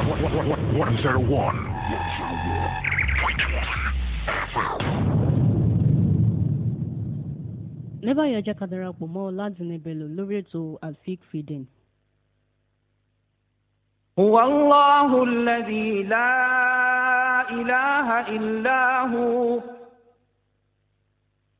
101. ní báyìí ẹ jẹ́ ká darapọ̀ mọ́ Ọládùnní Bello lórí ètò alfik fiden. هو الله الذي لا إله إلا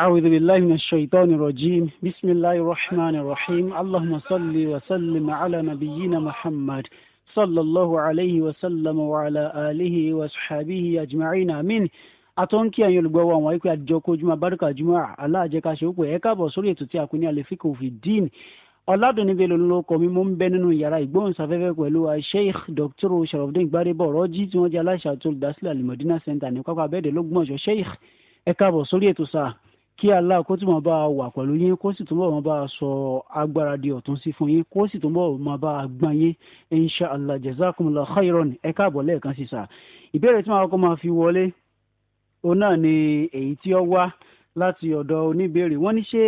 أعوذ بالله من الشيطان الرجيم بسم الله الرحمن الرحيم اللهم صل وسلم على نبينا محمد صلى الله عليه وسلم وعلى آله وصحبه أجمعين آمين atọ́nkí ẹ̀yin olùgbọ́wọ́ àwọn ikú àjọkojúmọ́ abárúkà jùmọ́ aláàjẹká ṣòkò ẹ̀ káàbọ̀ sórí ètò tí a kò ní àlefíkò fi dín ọ̀làdùnníbi lolóko mi mo ń bẹ nínú yàrá ìgbóhùnsáfẹ́fẹ́ pẹ̀lú sheikh dr sharafdin gbadebo ọ̀rọ̀jì tí wọ́n jẹ́ aláṣà tó olùdásílẹ̀ alimọ̀dínà center ní pápá abẹ́ẹ̀dẹ̀ lọ́gbọ̀nsọ̀ sheikh ẹ̀ káàbọ̀ sórí ètò sáà kí ala kó túnbọ̀ bá wà pẹ̀lú yín kó sì túnbọ̀ máa bá sọ agbára di ọ̀tún sí fún yín kó sì túnbọ̀ máa bá gbọ́n yín insha Allah jazakumullah khairan ẹ káàbọ̀ lẹ́ẹ̀kan sí sà ìbéèrè tí màá kọ́ máa fi wọlé òun náà ni èyí tí ó wá láti ọ̀dọ̀ oníbèrè wọ́n ní ṣé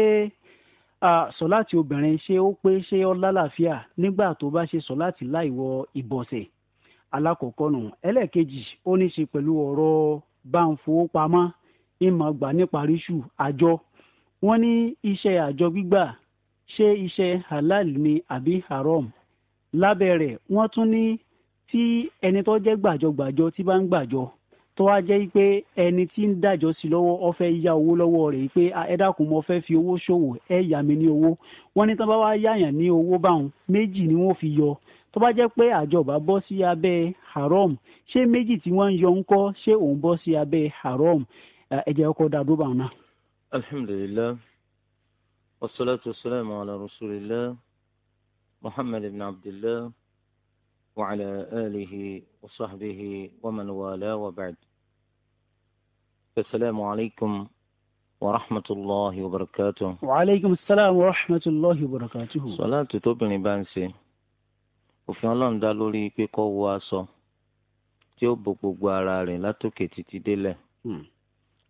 sọ̀láàtì obìnrin ṣé ó pé ṣé ó lálàáfíà nígbà tó bá ṣe sọ̀láàtì láìwọ ìbọ̀sẹ̀ alákọ̀ọ́kọ́ nù ẹlẹ́ẹ̀kejì ó ní ṣe pẹ̀lú ọ̀rọ̀ bá ń fowó pamọ́ ìmọ̀ gbà nípa ríṣù àjọ wọ́n ní iṣẹ́ àjọ gbígbà ṣé iṣẹ́ halal ni àbí haram lábẹ́ rẹ̀ wọ́n tún ní tí ẹni tó jẹ́ gbàjọgbàjọ tí bá ń gbàjọ tó wá jẹ́ pé ẹni tí ń dájọ́ sí lọ́wọ́ ó fẹ́ yá owó lọ́wọ́ rẹ̀ pé ẹ dákun mo fẹ́ fi owó ṣòwò ẹ yá mi ní owó wọ́n ní tán bá wá yáyàn ní owó báwọn méjì ni wọ́n fi yọ tó bá jẹ́ pé àjọba bọ́ sí abẹ́ haram ṣé méjì tí wọ́n ń yọ ńkọ́ ṣé òun bọ́ sí abẹ́ haram ẹ jẹ́ ọkọ̀ dá dúró báwọn náà. alhamdulilayi wasalaatu wasalaamu ala rasulillah muhammad ibn abdillah wa ala alihi wa sahbihi wa man wala wa ba'd. asalaamu alaykum wa rahmatulahi wa barakatuh. wa aleykum salaam wa rahmatulahi wa barakatuh. sọláàtì tóbìnrin bá ń ṣe òfin ọlọ́run dá lórí pé kó wọ aṣọ tí ó bo gbogbo ara rẹ̀ látòkè títí délẹ̀. Hmm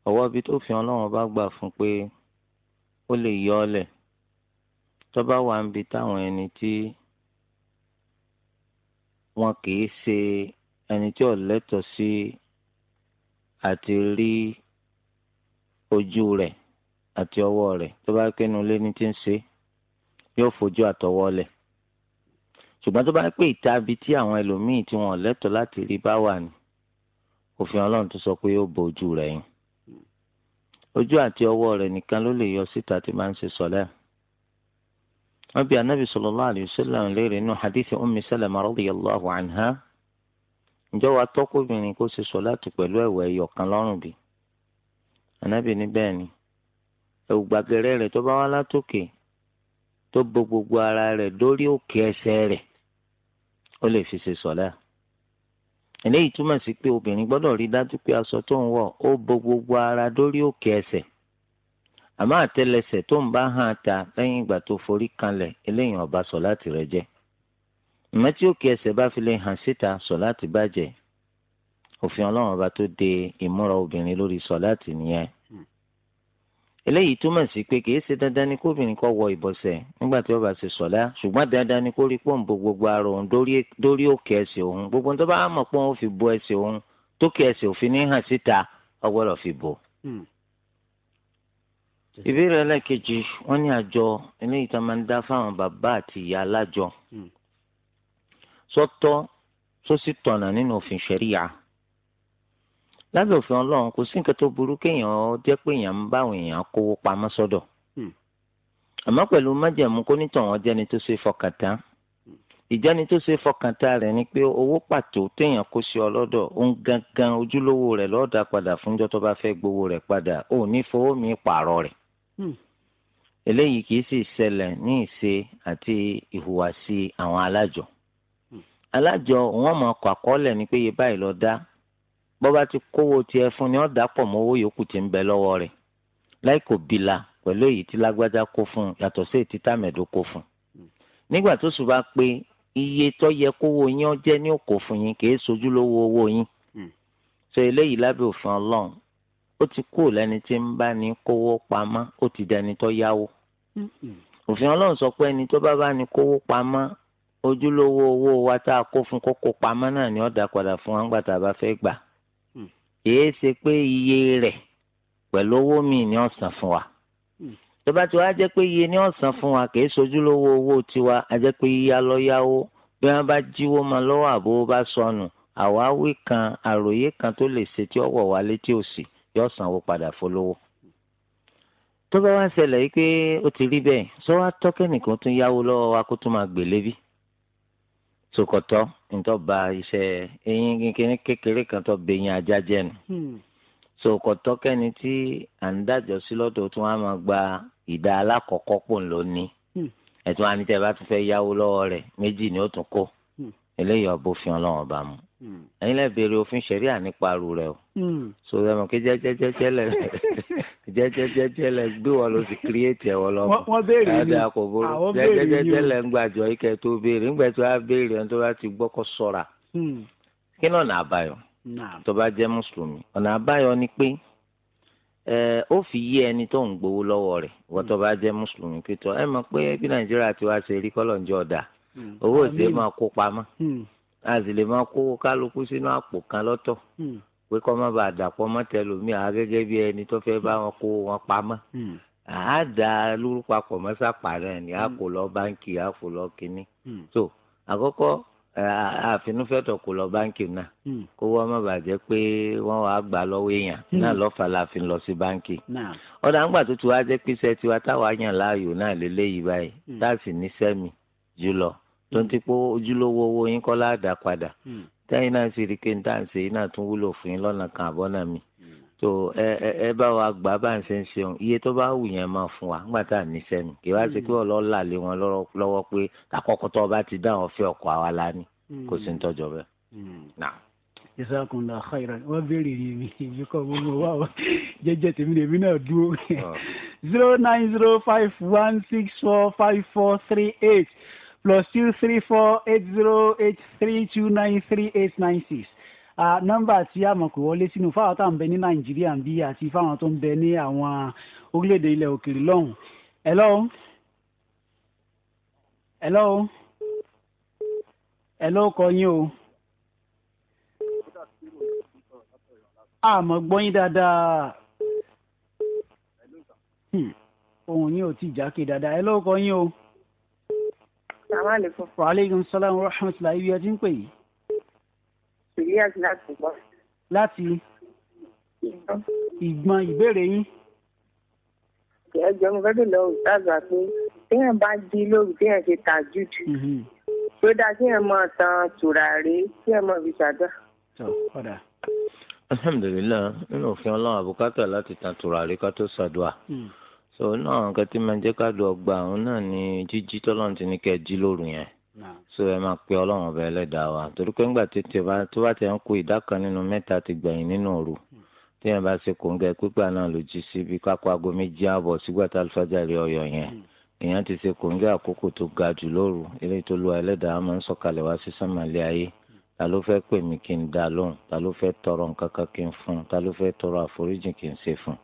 ọwọ́ ibi tó fi ọlọ́run bá gbà fún pé ó lè yọ ọ lẹ̀ tọ́ba wà ń bi táwọn ẹni tí wọn kì í ṣe ẹni tí ò lẹ́tọ̀ọ́ sí àti rí ojú rẹ̀ àti ọwọ́ rẹ̀ tó bá kẹ́nu lé ní ti ń ṣe yóò fojú àtọwọ́ lẹ̀ ṣùgbọ́n tó bá pé ìtàbí tí àwọn ẹlòmíín tí wọn ò lẹ́tọ̀ọ́ láti rí bá wà ní òfin ọlọ́run tó sọ pé yóò bo ojú rẹ̀ yìí ojú àti ọwọ́ rẹ̀ nìkan ló lè yọ síta tí máa ń ṣe sọ̀lẹ́. wọ́n bí anabi sallallahu alayhi wa sallam léèrè nínú hadithi ummi salama radiyallahu anha ǹjọ́ wa tọ́kùnrin kó ṣe sọ̀láàtì pẹ̀lú ẹ̀wẹ̀ ẹ̀yọ̀kan lọ́rùn bí? ní bẹ́ẹ̀ ni ẹ̀wù gbàgẹ̀rẹ́ rẹ̀ tó bá wá látòkè tó bo gbogbo ara rẹ̀ dórí òkè ẹsẹ̀ rẹ̀ ó lè fi eléyìí túmọ̀ sí pé obìnrin gbọ́dọ̀ rí dájú pé aṣọ tó ń wọ̀ ó bo gbogbo ara dórí òkè ẹsẹ̀ àmọ́ àtẹlẹsẹ̀ tó ń bá hàn ta lẹ́yìn ìgbà tó forí kanlẹ̀ eléyìí ó ba sọ̀láàtì rẹ̀ jẹ́ ìmọ̀tí òkè ẹsẹ̀ bá fi lè hàn síta sọ̀láàtì bàjẹ́ òfin ọlọ́run ọba tó de ìmúra obìnrin lórí sọ̀láàtì nìyẹn. Hmm eléyìí túmọ̀ sí pé kìí ṣe dandan ni kóbìnrin kó wọ ìbọ̀sẹ̀ nígbà tí ó bá ṣe sọ̀lá ṣùgbọ́n dandan ni kó rí pòǹbò gbogbo ara òun dórí òkè ẹsẹ̀ òun gbogbo tó bá mọ̀ pé òun fi bo ẹsẹ̀ òun tókè ẹsẹ̀ òfin ní hàn síta ó gbọ́dọ̀ fi bò. Hmm. ìbéèrè ẹlẹ́kejì wọ́n ní àjọ eléyìí tá máa ń dá fáwọn bàbá àti ìyá alájọ hmm. sọ́tọ̀ sósì nínú òfin ṣẹ̀ríyà lábẹ́ òfin ọlọ́run kò sí nǹkan tó burú kéèyàn jẹ́ pé èèyàn ń bá àwọn èèyàn kówó pamọ́ sọ́dọ̀ hmm. àmọ́ pẹ̀lú májẹ̀mú kó jẹ́ni tó ṣe fọkàntán hmm. ìjẹ́ni tó ṣe fọkàntán rẹ̀ ni pé owó pàtó téèyàn kó sí ọlọ́dọ̀ ó ń gangan ojúlówó rẹ̀ lọ́ọ̀dà padà fúnjọ́ tó bá fẹ́ gbowó rẹ̀ padà ó ní fowó mi pààrọ̀ rẹ̀ hmm. eléyìí kì í sì ṣẹlẹ̀ ní ìṣe àti ìhùwàsí àwọn alájọ alájọ wọn mọ̀ kọ́ àkọọ́lẹ̀ ni pé iye báyìí lọ dá bó ti kówó tiẹ̀ fún ni ó dàpọ̀ mọ́ owó yòókù tí ń bẹ lọ́wọ́ rẹ̀ láì kò bìlà pẹ̀lú èyí tí lágbájá kó fún un yàtọ̀ sí ètí tàmẹ̀dó kó fún un. nígbà tó sùn iye yẹ kówó yín jẹ́ ní òkò fún yín kì í sojú lówó owó yín. Hmm. sọ eléyìí lábẹ́ òfin ọlọ́run ti kú lẹ́ni tí ń bá ní kówó ti dẹni tó yáwó. Hmm. òfin ọlọ́run sọ pé ẹni tó bá bá ní kówó pamọ́ ojúlówó wa tá a kó fún kókó pamọ́ náà ni ó padà fún wa ńgbà tá kìí ṣe pé iye rẹ̀ pẹ̀lú owó mi ni ó san fún wa hmm. tó bá ti wá jẹ́ pé iye ni ó san fún wa kìí ṣojúlówó owó tiwa a jẹ́ pé yíyá lọ bí wọ́n bá jíwó mọ́ lọ́wọ́ àbó bá sọnù àwáwí kan àròyé kan tó lè ṣe tí ó wọ̀ wá létí òsì yóò sanwó padà fọlọ́wọ́ tó bá wá ṣẹlẹ̀ yìí pé ó ti rí bẹ́ẹ̀ sọ wá tọ́kẹ́ tún yáwó lọ́wọ́ wa kó tún máa gbèlé sòkòtọ́. So, ntọ́ba iṣẹ́ eyín kékeré kékeré kan tó bẹ eyín ajá jẹ́ nu. Hmm. so kọ̀tọ́ kẹ́ni tí à ń dájọ́ sí lọ́dọ̀ tí wọ́n á máa gba ìdá alákọ̀ọ́kọ́ pò ń lò hmm. ní. ẹ̀tún anítẹ̀ bá tún fẹ́ yáwó lọ́wọ́ rẹ̀ méjì ni ó tún kó hmm. eléyìí ọ̀bùn fi ọlọ́run ọba mu Hmm. ẹ̀yin lẹ òfin nípa aru rẹ o hmm. so ẹ mọ̀ kí jẹ́jẹ́jẹ́jẹ́ lẹ jẹ́jẹ́jẹ́jẹ́ lẹ gbé wọn lọ sí kírẹ́ẹ̀tì ẹ̀ wọ́n lọ mọ̀ ẹ̀dá lẹ ń tó béèrè a béèrè ẹni tó bá ti gbọ́ hmm. kí náà nà àbáyọ tó bá mùsùlùmí ọ̀nà àbáyọ ni pé ó fi yí ẹni tó ń gbowó lọ́wọ́ rẹ̀ wọ́n tó bá mùsùlùmí pé tó ẹ mọ̀ ti wá ṣe a sì lè máa kó kálukú sínú àpò kan lọ́tọ̀ hmm. pé kọ́ má bàa dàpọ̀ mọ́tẹ́lómi àwọn gẹ́gẹ́ bí ẹni tó fẹ́ bá wọn kó wọn pamọ́ hmm. àá da lórúkọ mọ́sàpá náà ni a hmm. kò lọ báńkì a kò lọ kínní so àkọ́kọ́ àfinúfẹ́tọ̀ kò lọ báńkì náà kó wọ́n má bàa jẹ́ pé wọ́n wàá gbà lọ́wọ́ èèyàn náà lọ́fà láàfin lọ sí báńkì ọ̀dà ńgbà tó ti wá jẹ́ pé iṣẹ́ tiwa táwa yàn láàyò náà lélẹ́yìí báyìí tá a sì ní sẹ́mi jùlọ tó ń ti pé ojúlówó owó yín kọ́ láàdá padà hmm. tẹ́yìn náà sì rí i pé níta ń ṣe yín náà tún wúlò fún yín lọ́nà kan àbọ́nà mi tó hmm. ẹ ẹ bá wa gbà bá ń ṣe ń ṣeun iye tó bá wù yẹn máa fún wa nígbà tá à ní sẹ́nu kì í wá sí hmm. pé ọlọ́ọ̀là lé wọn lọ́wọ́ pé àkọ́kọ́ tó bá ti dáhùn fẹ́ ọkọ̀ àwa la ní kò sí ń tọ́jọ bẹ́ẹ̀. jazakumullahu khairan wọ́n béèrè mi èmi kọ́ gbogbo wa o jẹ́jẹ́ tèmi lèmi náà dúró zero nine zero five one six four five four three eight plus two three four eight zero eight three two nine three eight nine six nọ́mbà tí a mọ̀ pé wọlé sínú fáwọn tó ń bẹ ní nàìjíríà ń bí àti fáwọn tó ń bẹ ní àwọn orílẹ̀-èdè ilẹ̀ òkèèrè lọ́hùn. hello hello hello kọ yín o. àmọ́ gbọ́yìn dáadáa hmm. ohun yín ò tí jákè dáadáa hello kọ yín o sàmàlẹ́kùn. wàhálẹ́kùn sálàmù rahmatulah ibi ẹtí ń pè yìí. sèyí àti láti gbọ́. láti. ìgbọ̀n ìbéèrè yín. ẹ̀jọ̀ mo fẹ́ lọ òṣàgbà pé téèyàn bá jí lóru téèyàn ṣe tajúd. tó mhm. dáa téèyàn máa tan tùràrí téèyàn máa fi ṣàdá. tó kọ́dà. alhamdulilayi nínú òfin ọlọ́run àbùkátà láti tan tùràrí ká tó ṣàdúrà. Hmm so náà nǹkan tí máa ń jẹ́ ká lu ọgbà òun náà ni jíjí tọ́lọ́run ti ní kẹ́ ẹ jí lóru yẹn so ẹ máa pe ọlọ́run ọba ẹlẹ́dàá wa torí pé ńgbà tó bá ti ń kó ìdá kan nínú mẹ́ta ti gbẹ̀yìn nínú òru hmm. tí yẹn bá ṣe kòǹgẹ́ pípa náà ló jí sí bí kápá aago méjì ààbọ̀ sígbà tá alifájà rí ọyọ yẹn hmm. èèyàn ti ṣe kòǹgẹ́ àkókò tó ga jù lóru ilé tó lu ẹlẹ́dàá máa ń sọ̀kalẹ̀ wá sí sánmàlẹ́ ayé hmm. ta ló fẹ́ pè mí kí n dá lóhùn ta ló fẹ́ tọrọ nǹkan kan kí n fún ta ló fẹ́ tọrọ àforíjì kí n ṣe fún un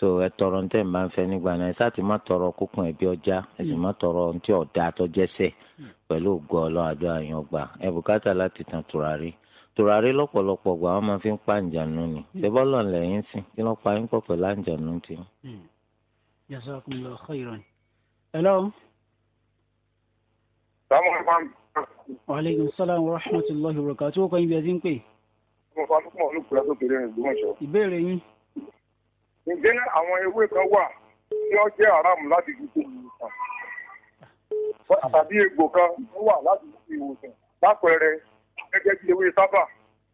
so ẹ tọrọ ní tẹ̀ ń bá ń fẹ́ nígbà náà ẹ sáàtì má tọrọ kókùn ẹ̀bí ọjà ẹ sì hmm. má tọrọ ohun tí ọ̀dà àtọ́jẹsẹ̀ hmm. pẹ̀lú ògo ọlọ́run àjọ àyàn ọgbà ẹ bùkátà láti tan tùràrí tùràrí lọ́pọ̀lọpọ̀ gbà wọ́n máa fi ń pa àǹjànú ni hmm. ṣẹ́bọ́lọ̀ lẹ́yìn sí kí wọ́n pa yín pọ̀ àǹjànú ti. Aleykum salaam wa rahmatullahi wa barakatuh. Tí ó kọ́ ibi ẹ ti ń pè. Ìbéèrè yín ǹjẹ́ àwọn ewé kan wà tí ó jẹ́ haram láti fi ṣe ìwòsàn tàbí egbò kan wà láti fi ṣe ìwòsàn lápẹẹrẹ gẹ́gẹ́ bí ewé sábà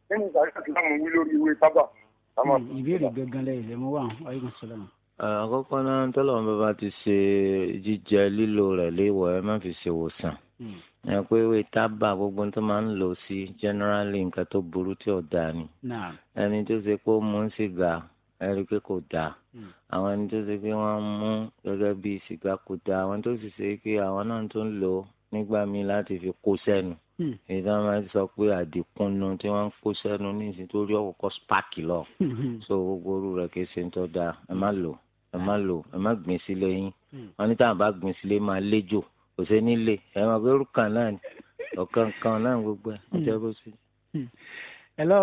nínú ìdájọ́ ìsìlámù wí lórí ewé sábà. Hmm, ìbéèrè gangan lẹ́yìn lẹ́mú wà ọ̀yẹ́kùn sọlọ́mù. àkọ́kọ́ náà tọ́lọ́mù bàbá ti ṣe jíjẹ lílo rẹ̀ léèwọ̀ ẹ má fi ṣe ìwòsàn hmm. ẹ pé ewé tábà gbogbo tó máa ń lò sí generally nǹkan tó burú tí ò dáa ni ẹni tó ṣe pé ó mú sìgá ẹrí pé kò dáa hmm. àwọn ẹni tó ṣe pé wọ́n mú gẹ́gẹ́ bí sìgá kò dáa àwọn tó sì ṣe pé àwọn náà tó ń lò ó nígbà míì láti fi kó sẹ́nu hmm. èyí tí wọ́n máa ń sọ pé àdìkúnnu tí wọ́n ń kó sẹ́nu ní ìsìn tó rí ọ̀kọ̀ọ̀kọ̀ spáàkì lọ hmm. so gbogbo orú rẹ̀ kì ṣe ń tọ́ da ẹ má lò ẹ má lò ẹ má gbìn sílé yín wọ́n ní táwọn bá gbìn sílé máa léjò kò sí nílé ẹ máa gbé orúkọ náà ọ̀kan kan náà gbogbo ẹ̀ ọjọ́ bó ṣe. hello.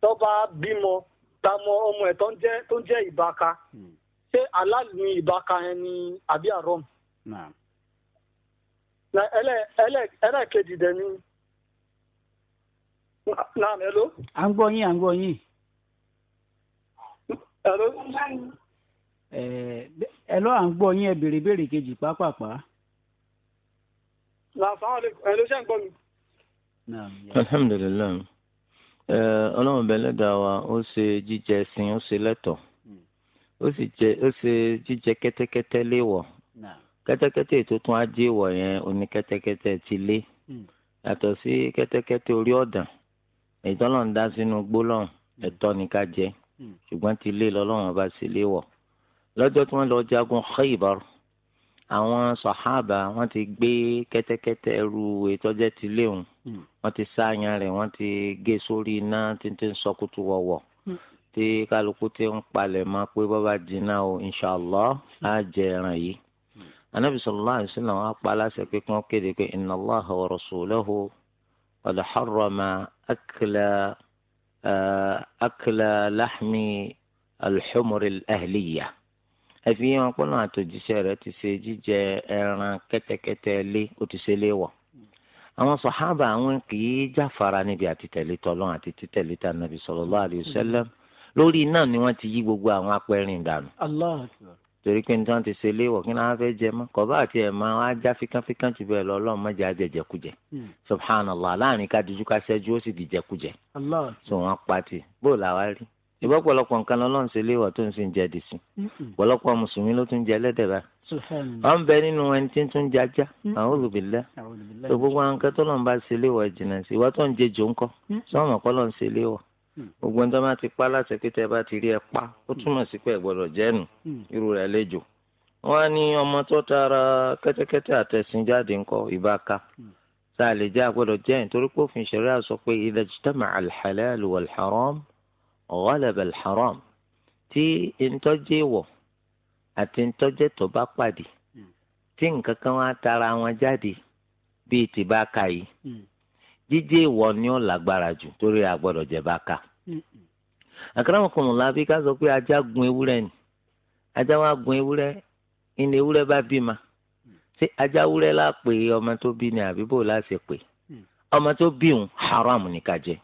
tó bá bímọ tá ọmụ ọmọ ẹ̀ tó ń jẹ tó ń jẹ́ ìbáka hmm. ṣé aláàlú ìbáka yẹn ni àbí àrọ́m. ẹlẹ́ẹ̀kejì dẹ̀ ni. naam hello. à ń gbọ́ yín à ń gbọ́ yín. hello. hello à ń gbọ́ yín ẹ béèrè alhamdulilayi. ọlọ́run bẹ́lẹ́dà wa ó ṣe jíjẹ ẹṣin ó ṣe lẹ́tọ̀ hmm. ó sì jẹ ó ṣe jíjẹ kẹ́tẹ́kẹ́tẹ́ léèwọ̀ kẹ́tẹ́kẹ́tẹ́ tó tún á jẹ́ èèwọ̀ yẹn oní kẹ́tẹ́kẹ́tẹ́ ti lé hmm. yàtọ̀ sí kẹ́tẹ́kẹ́tẹ́ orí ọ̀dàn ìtọ́lọ̀ ń dá sínú gbólọ́hùn hmm. ẹ̀tọ́ ni ká jẹ ṣùgbọ́n ti lé lọ́lọ́run ọba sí léèwọ̀ lọ́jọ́ tí wọ́n lọ jagun Khaybar àwọn sọ̀hábà wọ́n ti gbé kẹ́tẹ́kẹ́tẹ́ ẹrú ìtọ́jẹ́ ti léhùn hmm. wọ́n ti sáàyàn rẹ̀ wọ́n ti gé sórí iná títí ń sọkútù wọ̀wọ̀ hmm. tí kálukú ti ń palẹ̀ mọ́ pé bọ́ba dínà o inshallah á jẹ ẹran yìí. anabi hmm. sallallahu alaihi wasallam á pa aláṣẹ pé kí wọ́n kéde pé inna allaha wa rasulahu qad harrama akla eh, akla lahmi ẹ fi yé wọn pé náà àtòjíṣẹ́ rẹ̀ ti ṣe jíjẹ ẹran kẹ́tẹ́kẹ́tẹ́ lé ó ti ṣe lé wọ̀ àwọn sọ̀hábà àwọn kì í jáfara níbi àtìtẹ̀lé tọ́lọ́n àti títẹ̀lé ta nàbì sallallahu alaihi lórí náà ni wọ́n ti yí gbogbo àwọn apẹ́rìn dànù. torí pé nítorí ti ṣe léwọ̀ kí náà fẹ́ jẹ mọ́ kọ́bá àti ẹ̀ máa wá já fíkánfíkán jù bẹ́ẹ̀ lọ ọlọ́run má jẹ́ àjẹjẹkújẹ. Hmm. subhanallah láàrin ká dojú ká ṣẹ́jú ó sì di jẹkújẹ. so wọ́n pa tì bó làwa ìbá pọ̀lọpọ̀ nǹkan lọ́lọ́run ṣe léwà tó ń sìn jẹ dìsìn pọ̀lọpọ̀ mùsùlùmí ló tún jẹ ẹlẹ́dẹ̀ bá wọn ń bẹ nínú ẹni tí ń tún jẹ ajá àwọn olùbílẹ tó gbogbo àwọn nǹkan tó lọ́n bá ṣe léwà jìnnà sí ìwà tó ń jẹ jò ń kọ́ sọ́wọ́n kọ́ lọ́n ṣe léwà gbogbo ẹni tó bá ti pa láti pé tẹ bá ti rí ẹ pa ó túmọ̀ sí pé ẹ jẹ́nu irú rẹ̀ lẹ́jọ́ wọn ní ọmọ tó tara kẹ́tẹ́kẹ́tẹ́ àtẹ̀sìn jáde ńkọ ìbáka tá a lè jẹ́ àgbọ̀dọ̀ jẹ́ nítorí pé òfin ṣẹ̀ríà sọ pé idha ijtama'a al-halal ghalaba al-haram tí ntọ́jẹ́ wọ̀ àti ntọ́jẹ́ tó bá pàdé hmm. tí nǹkan kan wá tara wọn jáde bíi ti bá ka yìí hmm. jíjẹ́ ìwọ ni ó lágbára jù torí àgbọ̀dọ̀ jẹ́ bá ka. Hmm, akramakumullah bí ká sọ pé ajá gun ewúrẹ́ ni ajá wa gun ewúrẹ́ inú ewúrẹ́ bá bímọ ṣé ajá wúrẹ́ la pè é ọmọ tó bí ni àbí bò láti pè ọmọ tó bí òun haram ni ká jẹ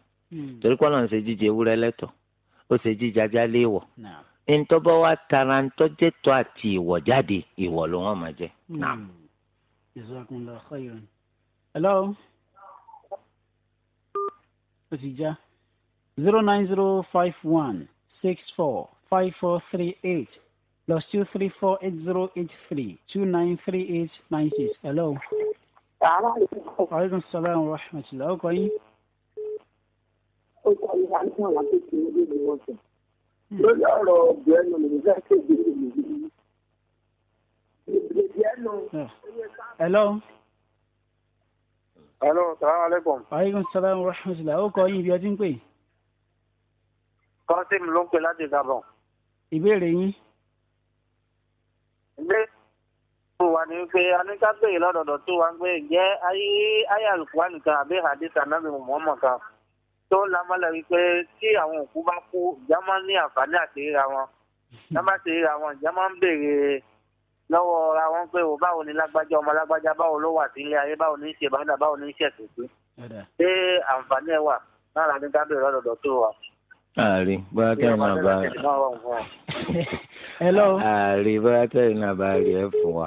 torí kọ́ ń ṣe jíjẹ ewúrẹ́ lẹ́tọ̀ọ́ ó ṣe jíjàjà léèwọ̀ ntọ́bọ̀ wa tara ntọ́jẹ́ tó àti ìwọ̀ jáde ìwọ̀ ló wọ́n máa jẹ. Hmm. hello ti já zero nine zero five one six four five four three eight plus two three four eight zero eight three two nine three eight nine six hello. aleykum salaam wa rahmatulah ọkọ yín ó kọ ìhà fún àwọn tó ti ní ìlú wọn hmm. lórí ọ̀rọ̀ bẹ́ẹ̀nù lè fẹ́ kéde ìlú yìí. bẹ́ẹ̀nù. hello. hello salaam aleykum. aleykum salaam wa rahmatulah ó kọ yín ibi ọtí ń pè. kọ́ńtìm ló ń pè láti gabon. ìbéèrè yín. ìbéèrè tó wà ní pé aníkàgbé lọ́dọọdọ tó wà ń pé ǹjẹ́ ayé ayé alukóhánì kan àbí hadith anabi muhammad kan tó ń lamọ́lẹ̀ wípé tí àwọn òkú bá kú ìjà máa ń ní àǹfààní àti ríra wọn ìjà máa ti ríra wọn ìjà máa ń béèrè lọ́wọ́ ra wọn pé o báwo ni lágbájá ọmọ lágbájá báwo ló wà sílé ayé báwo ní í ṣe bàdà báwo ní í ṣe tòótọ́ ṣé àǹfààní ẹ wà lára ní kábíyèrè ọ̀dọ̀dọ̀ tó wà. ààrẹ bóyá kẹ́ ẹ máa bá ààrẹ bóyá kẹ́ ẹ bá rí ẹ fún wa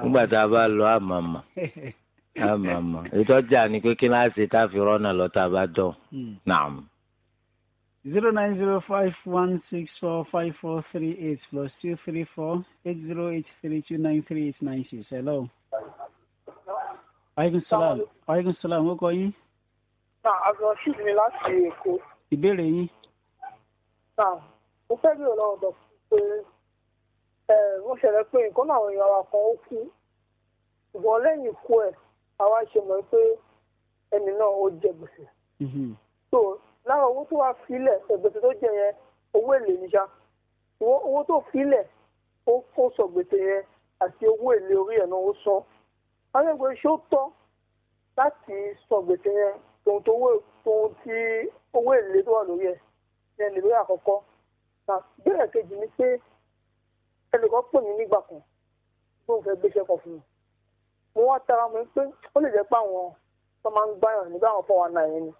nígbà tá a bá lọ àmàmà àmọ́ àmọ́ ètò ọjà ni pé kí n láti tá a fi rọ́nà lọ́tà bá dán. Hmm. naam. zero nine zero five one six four five four three eight plus two three four eight zero eight three two nine three eight nine six hello. aleykum salaam aleykum salaam ó kọ yín. na abdulrasheed ni láti èkó. ìbéèrè yín. na mo fẹ́ bí ọlọ́run dọ̀ pé wọ́n ṣẹlẹ̀ pé nǹkan náà àwọn èèyàn wa kan ó kú ṣùgbọ́n lẹ́yìn ikú ẹ̀ àwa ṣe mọ̀ pé ẹni náà ó jẹ gbèsè. Mhm. so lára owó tó wà fílẹ̀ gbèsè tó jẹ yẹn owó èlé ní sá owó tó fílẹ̀ ó sọ gbèsè yẹn àti owó èlé orí ẹ̀ náà ó sọ. alẹ́gbẹ̀ẹ́ ṣó tọ́ láti sọ gbèsè yẹn tòun tó tòun ti owó èlé tó wà lórí ẹ̀ yẹn lè lórí àkọ́kọ́. bẹ́ẹ̀ kejì ni pé ẹnìkan pè mí nígbà kan tó ń fẹ́ gbéṣẹ́ kan fún mi mo wá tara mi pé ó lè jẹ́ pé àwọn tó máa ń gbáyàn nígbà wọn fọwọ́ náà yẹn ni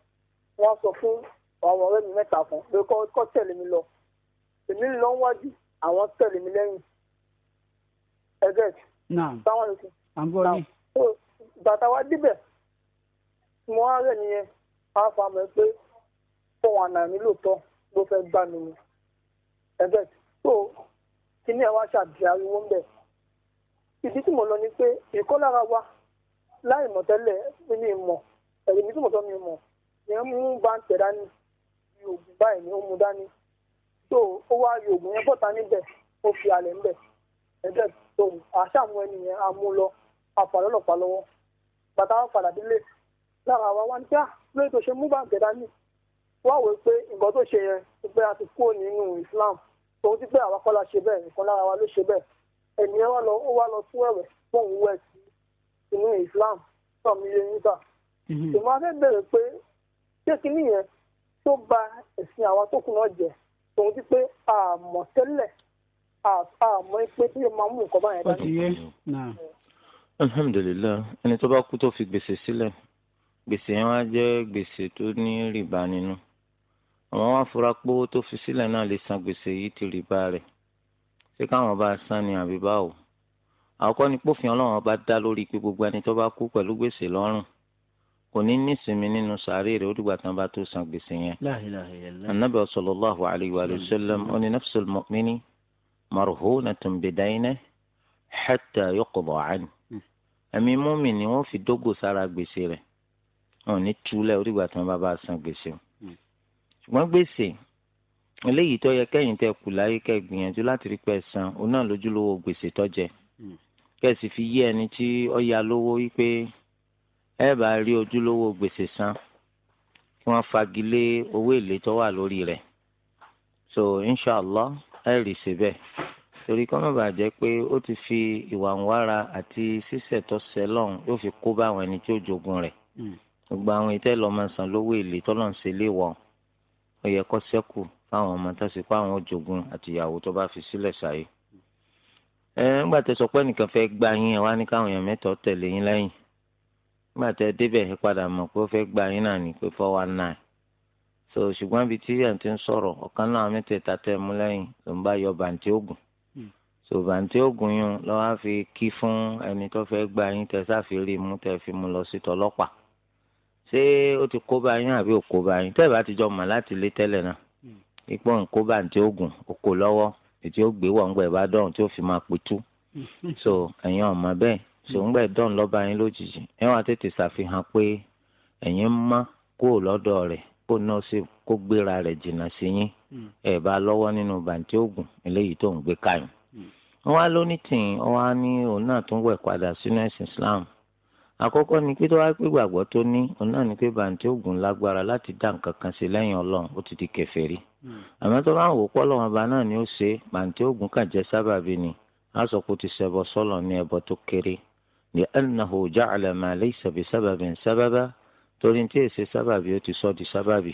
wọ́n sọ fún àwọn ọ̀rẹ́ mi mẹ́ta kan pé kọ́ tẹ̀lé mi lọ èmi lọ wájú àwọn tẹ̀lé mi lẹ́yìn ẹgbẹ́ táwọn lè fi. bàtà wa débẹ̀ mo wá rẹ̀ nìyẹn wá fa mọ̀ pé fọwọ́ náà mi lóòótọ́ ló fẹ́ gbà mí ni ẹgbẹ́ tó kíní ẹ̀ wá ṣàbíyá ariwo ń bẹ̀ ìdí tí mo lọ ni pé ìkọlára wa láì mọ̀ tẹ́lẹ̀ mi mọ̀ ẹ̀rọ mi tí mo sọ mi mọ̀ yẹn mú báńtẹ̀ dání yòògùn báyìí ni ó mu dání tó ó wá yòògùn yẹn bọ́ta níbẹ̀ ó fi alẹ̀ ńbẹ̀ ẹ̀dẹ̀ tó àṣàmú ẹni yẹn amú lọ àfàlọ́lọ́pàá lọ́wọ́ bàtà wọn padà délé lára àwa wá ní pé lórí tó ṣe mú báńkì dání wá wò pé nǹkan tó ṣe yẹn pé a ti kúrò nínú Islam tòun ti pé àwa kọ́ la ṣe bẹ́ẹ̀ nǹkan lára wa ló ṣe bẹ́ẹ̀ ẹ̀mí wa lọ ó wá lọ tún ẹ̀wẹ̀ fún òun wẹ̀ sí inú Islam sọmi yẹn mhm. níta ìmọ̀ afẹ́ bẹ̀rẹ̀ pé ṣé kinní yẹn tó ba ẹ̀sìn àwa tó kù náà jẹ́ tòun ti pé àmọ̀ tẹ́lẹ̀ àmọ́ pé tí yóò máa mú nǹkan báyẹn dání. ó ti yé náà. alhamdulilayi ẹni tó bá kú tó fi gbèsè sílẹ̀ gbèsè yẹn wá jẹ́ gbèsè tó ní rìbá nínú àwọn wá tó fi sílẹ̀ náà lè san gbèsè yìí ti rìbá rẹ̀ ṣé káwọn bá san ni àbí báwo àkọ́kọ́ ni pófin ọlọ́run bá dá lórí pé gbogbo ẹni tó bá kú pẹ̀lú gbèsè lọ́rùn kò ní nísinmi nínú sàárè rẹ̀ ó dìgbà tán bá tó san gbèsè yẹn. anabi sallallahu alayhi wa sallam ó ní nafsul mu'mini marhunatun bidaynihi hatta yuqda anhu. Hmm. ẹ̀mí mùmínì ni wọ́n fi dógò sára gbèsè rẹ̀ wọn ní túlẹ̀ ó tán bá bá san gbèsè. Hmm. ṣùgbọ́n gbèsè eléyìí tó yẹ kẹ́yìn tẹ́ kù láyé kẹ́ gbìyànjú láti rí pẹ́ san òun náà lójúlówó gbèsè tọ́jẹ hmm. kẹ́sì fi yí ẹni tí ó ya lówó wípé ẹ bá rí ojúlówó gbèsè san kí wọ́n fagilé owó èlé tó wà lórí rẹ̀ so inshallah ẹ rí ṣe bẹ́ẹ̀ torí kọ́ mọ̀ bàjẹ́ pé ó ti fi ìwà ń wára àti sísẹ̀tọ́ sẹ́lọ̀n yóò fi kó bá àwọn ẹni tí ó jogun rẹ̀ hmm. gbogbo àwọn ìtẹ́lọ́mọ̀sán lówó èlé tọ́lọ́ǹsẹ̀ lè wọ̀ ọ yẹ sẹ́kù fáwọn ọmọ tó ṣe fáwọn ojogun àti ìyàwó tó bá fi sílẹ̀ ṣàyè. ẹ nígbà tẹ sọ pé nìkan fẹ́ gba yín ẹ wá ní káwọn èèyàn mẹ́tọ́ tẹ̀lé yín lẹ́yìn nígbà tẹ débẹ̀ ẹ padà mọ̀ pé ó fẹ́ gba yín náà ní pé four one nine so ṣùgbọ́n ibi tí yàn ti ń sọ̀rọ̀ ọ̀kan náà mẹ́tẹ̀ẹ̀ta tẹ̀ mú lẹ́yìn ló ń bá yọ bàǹtí ògùn hmm. so bàǹtí ògùn yún lọ́ wá fi kí fún ẹni tó fẹ́ gba yín tẹ sáfìrí mú tẹ fi mú lọ sí tọlọ́pàá ṣé ó ti kó bá yín àbí ò kó bá yín tẹ́ẹ̀ bá ti jọ mọ̀ láti lé tẹ́lẹ̀ náà ipò nkóbá ntí oko lọ́wọ́ eti ó gbé wọ̀ngbà ẹ̀ bá dọ̀rùn tí fi ma pitú so ẹ̀yin ọ̀mọ bẹ́ẹ̀ ṣòǹgbà so lọ́ba yín lójijì ẹ wá tètè ṣàfihàn pé ẹ̀yin má kúrò lọ́dọ̀ rẹ̀ kó náà sì kó gbéra rẹ̀ jìnnà sí yín ẹ̀ bá lọ́wọ́ nínú bàǹtí oògùn eléyìí tó ń gbé káyọ̀ wọn á ní padà sínú Islam ni gbàgbọ́ tó ní òun náà ni pé bàǹtí láti dá nǹkan kan sí lẹ́yìn ó ti di Mm. àmọ́ tó bá ń wò pọ́ lọ́wọ́ ọba náà ni ó ṣe pàǹtí ogun kàn jẹ́ sábàbí ni á sọ pé ó ti ṣẹbọ sọ́lọ̀ ní ẹbọ tó kéré ní ẹnìnàhó ja'ala ma laysa bi sábàbí sábàbá torí tí èsè sábàbí ó ti sọ di sábàbí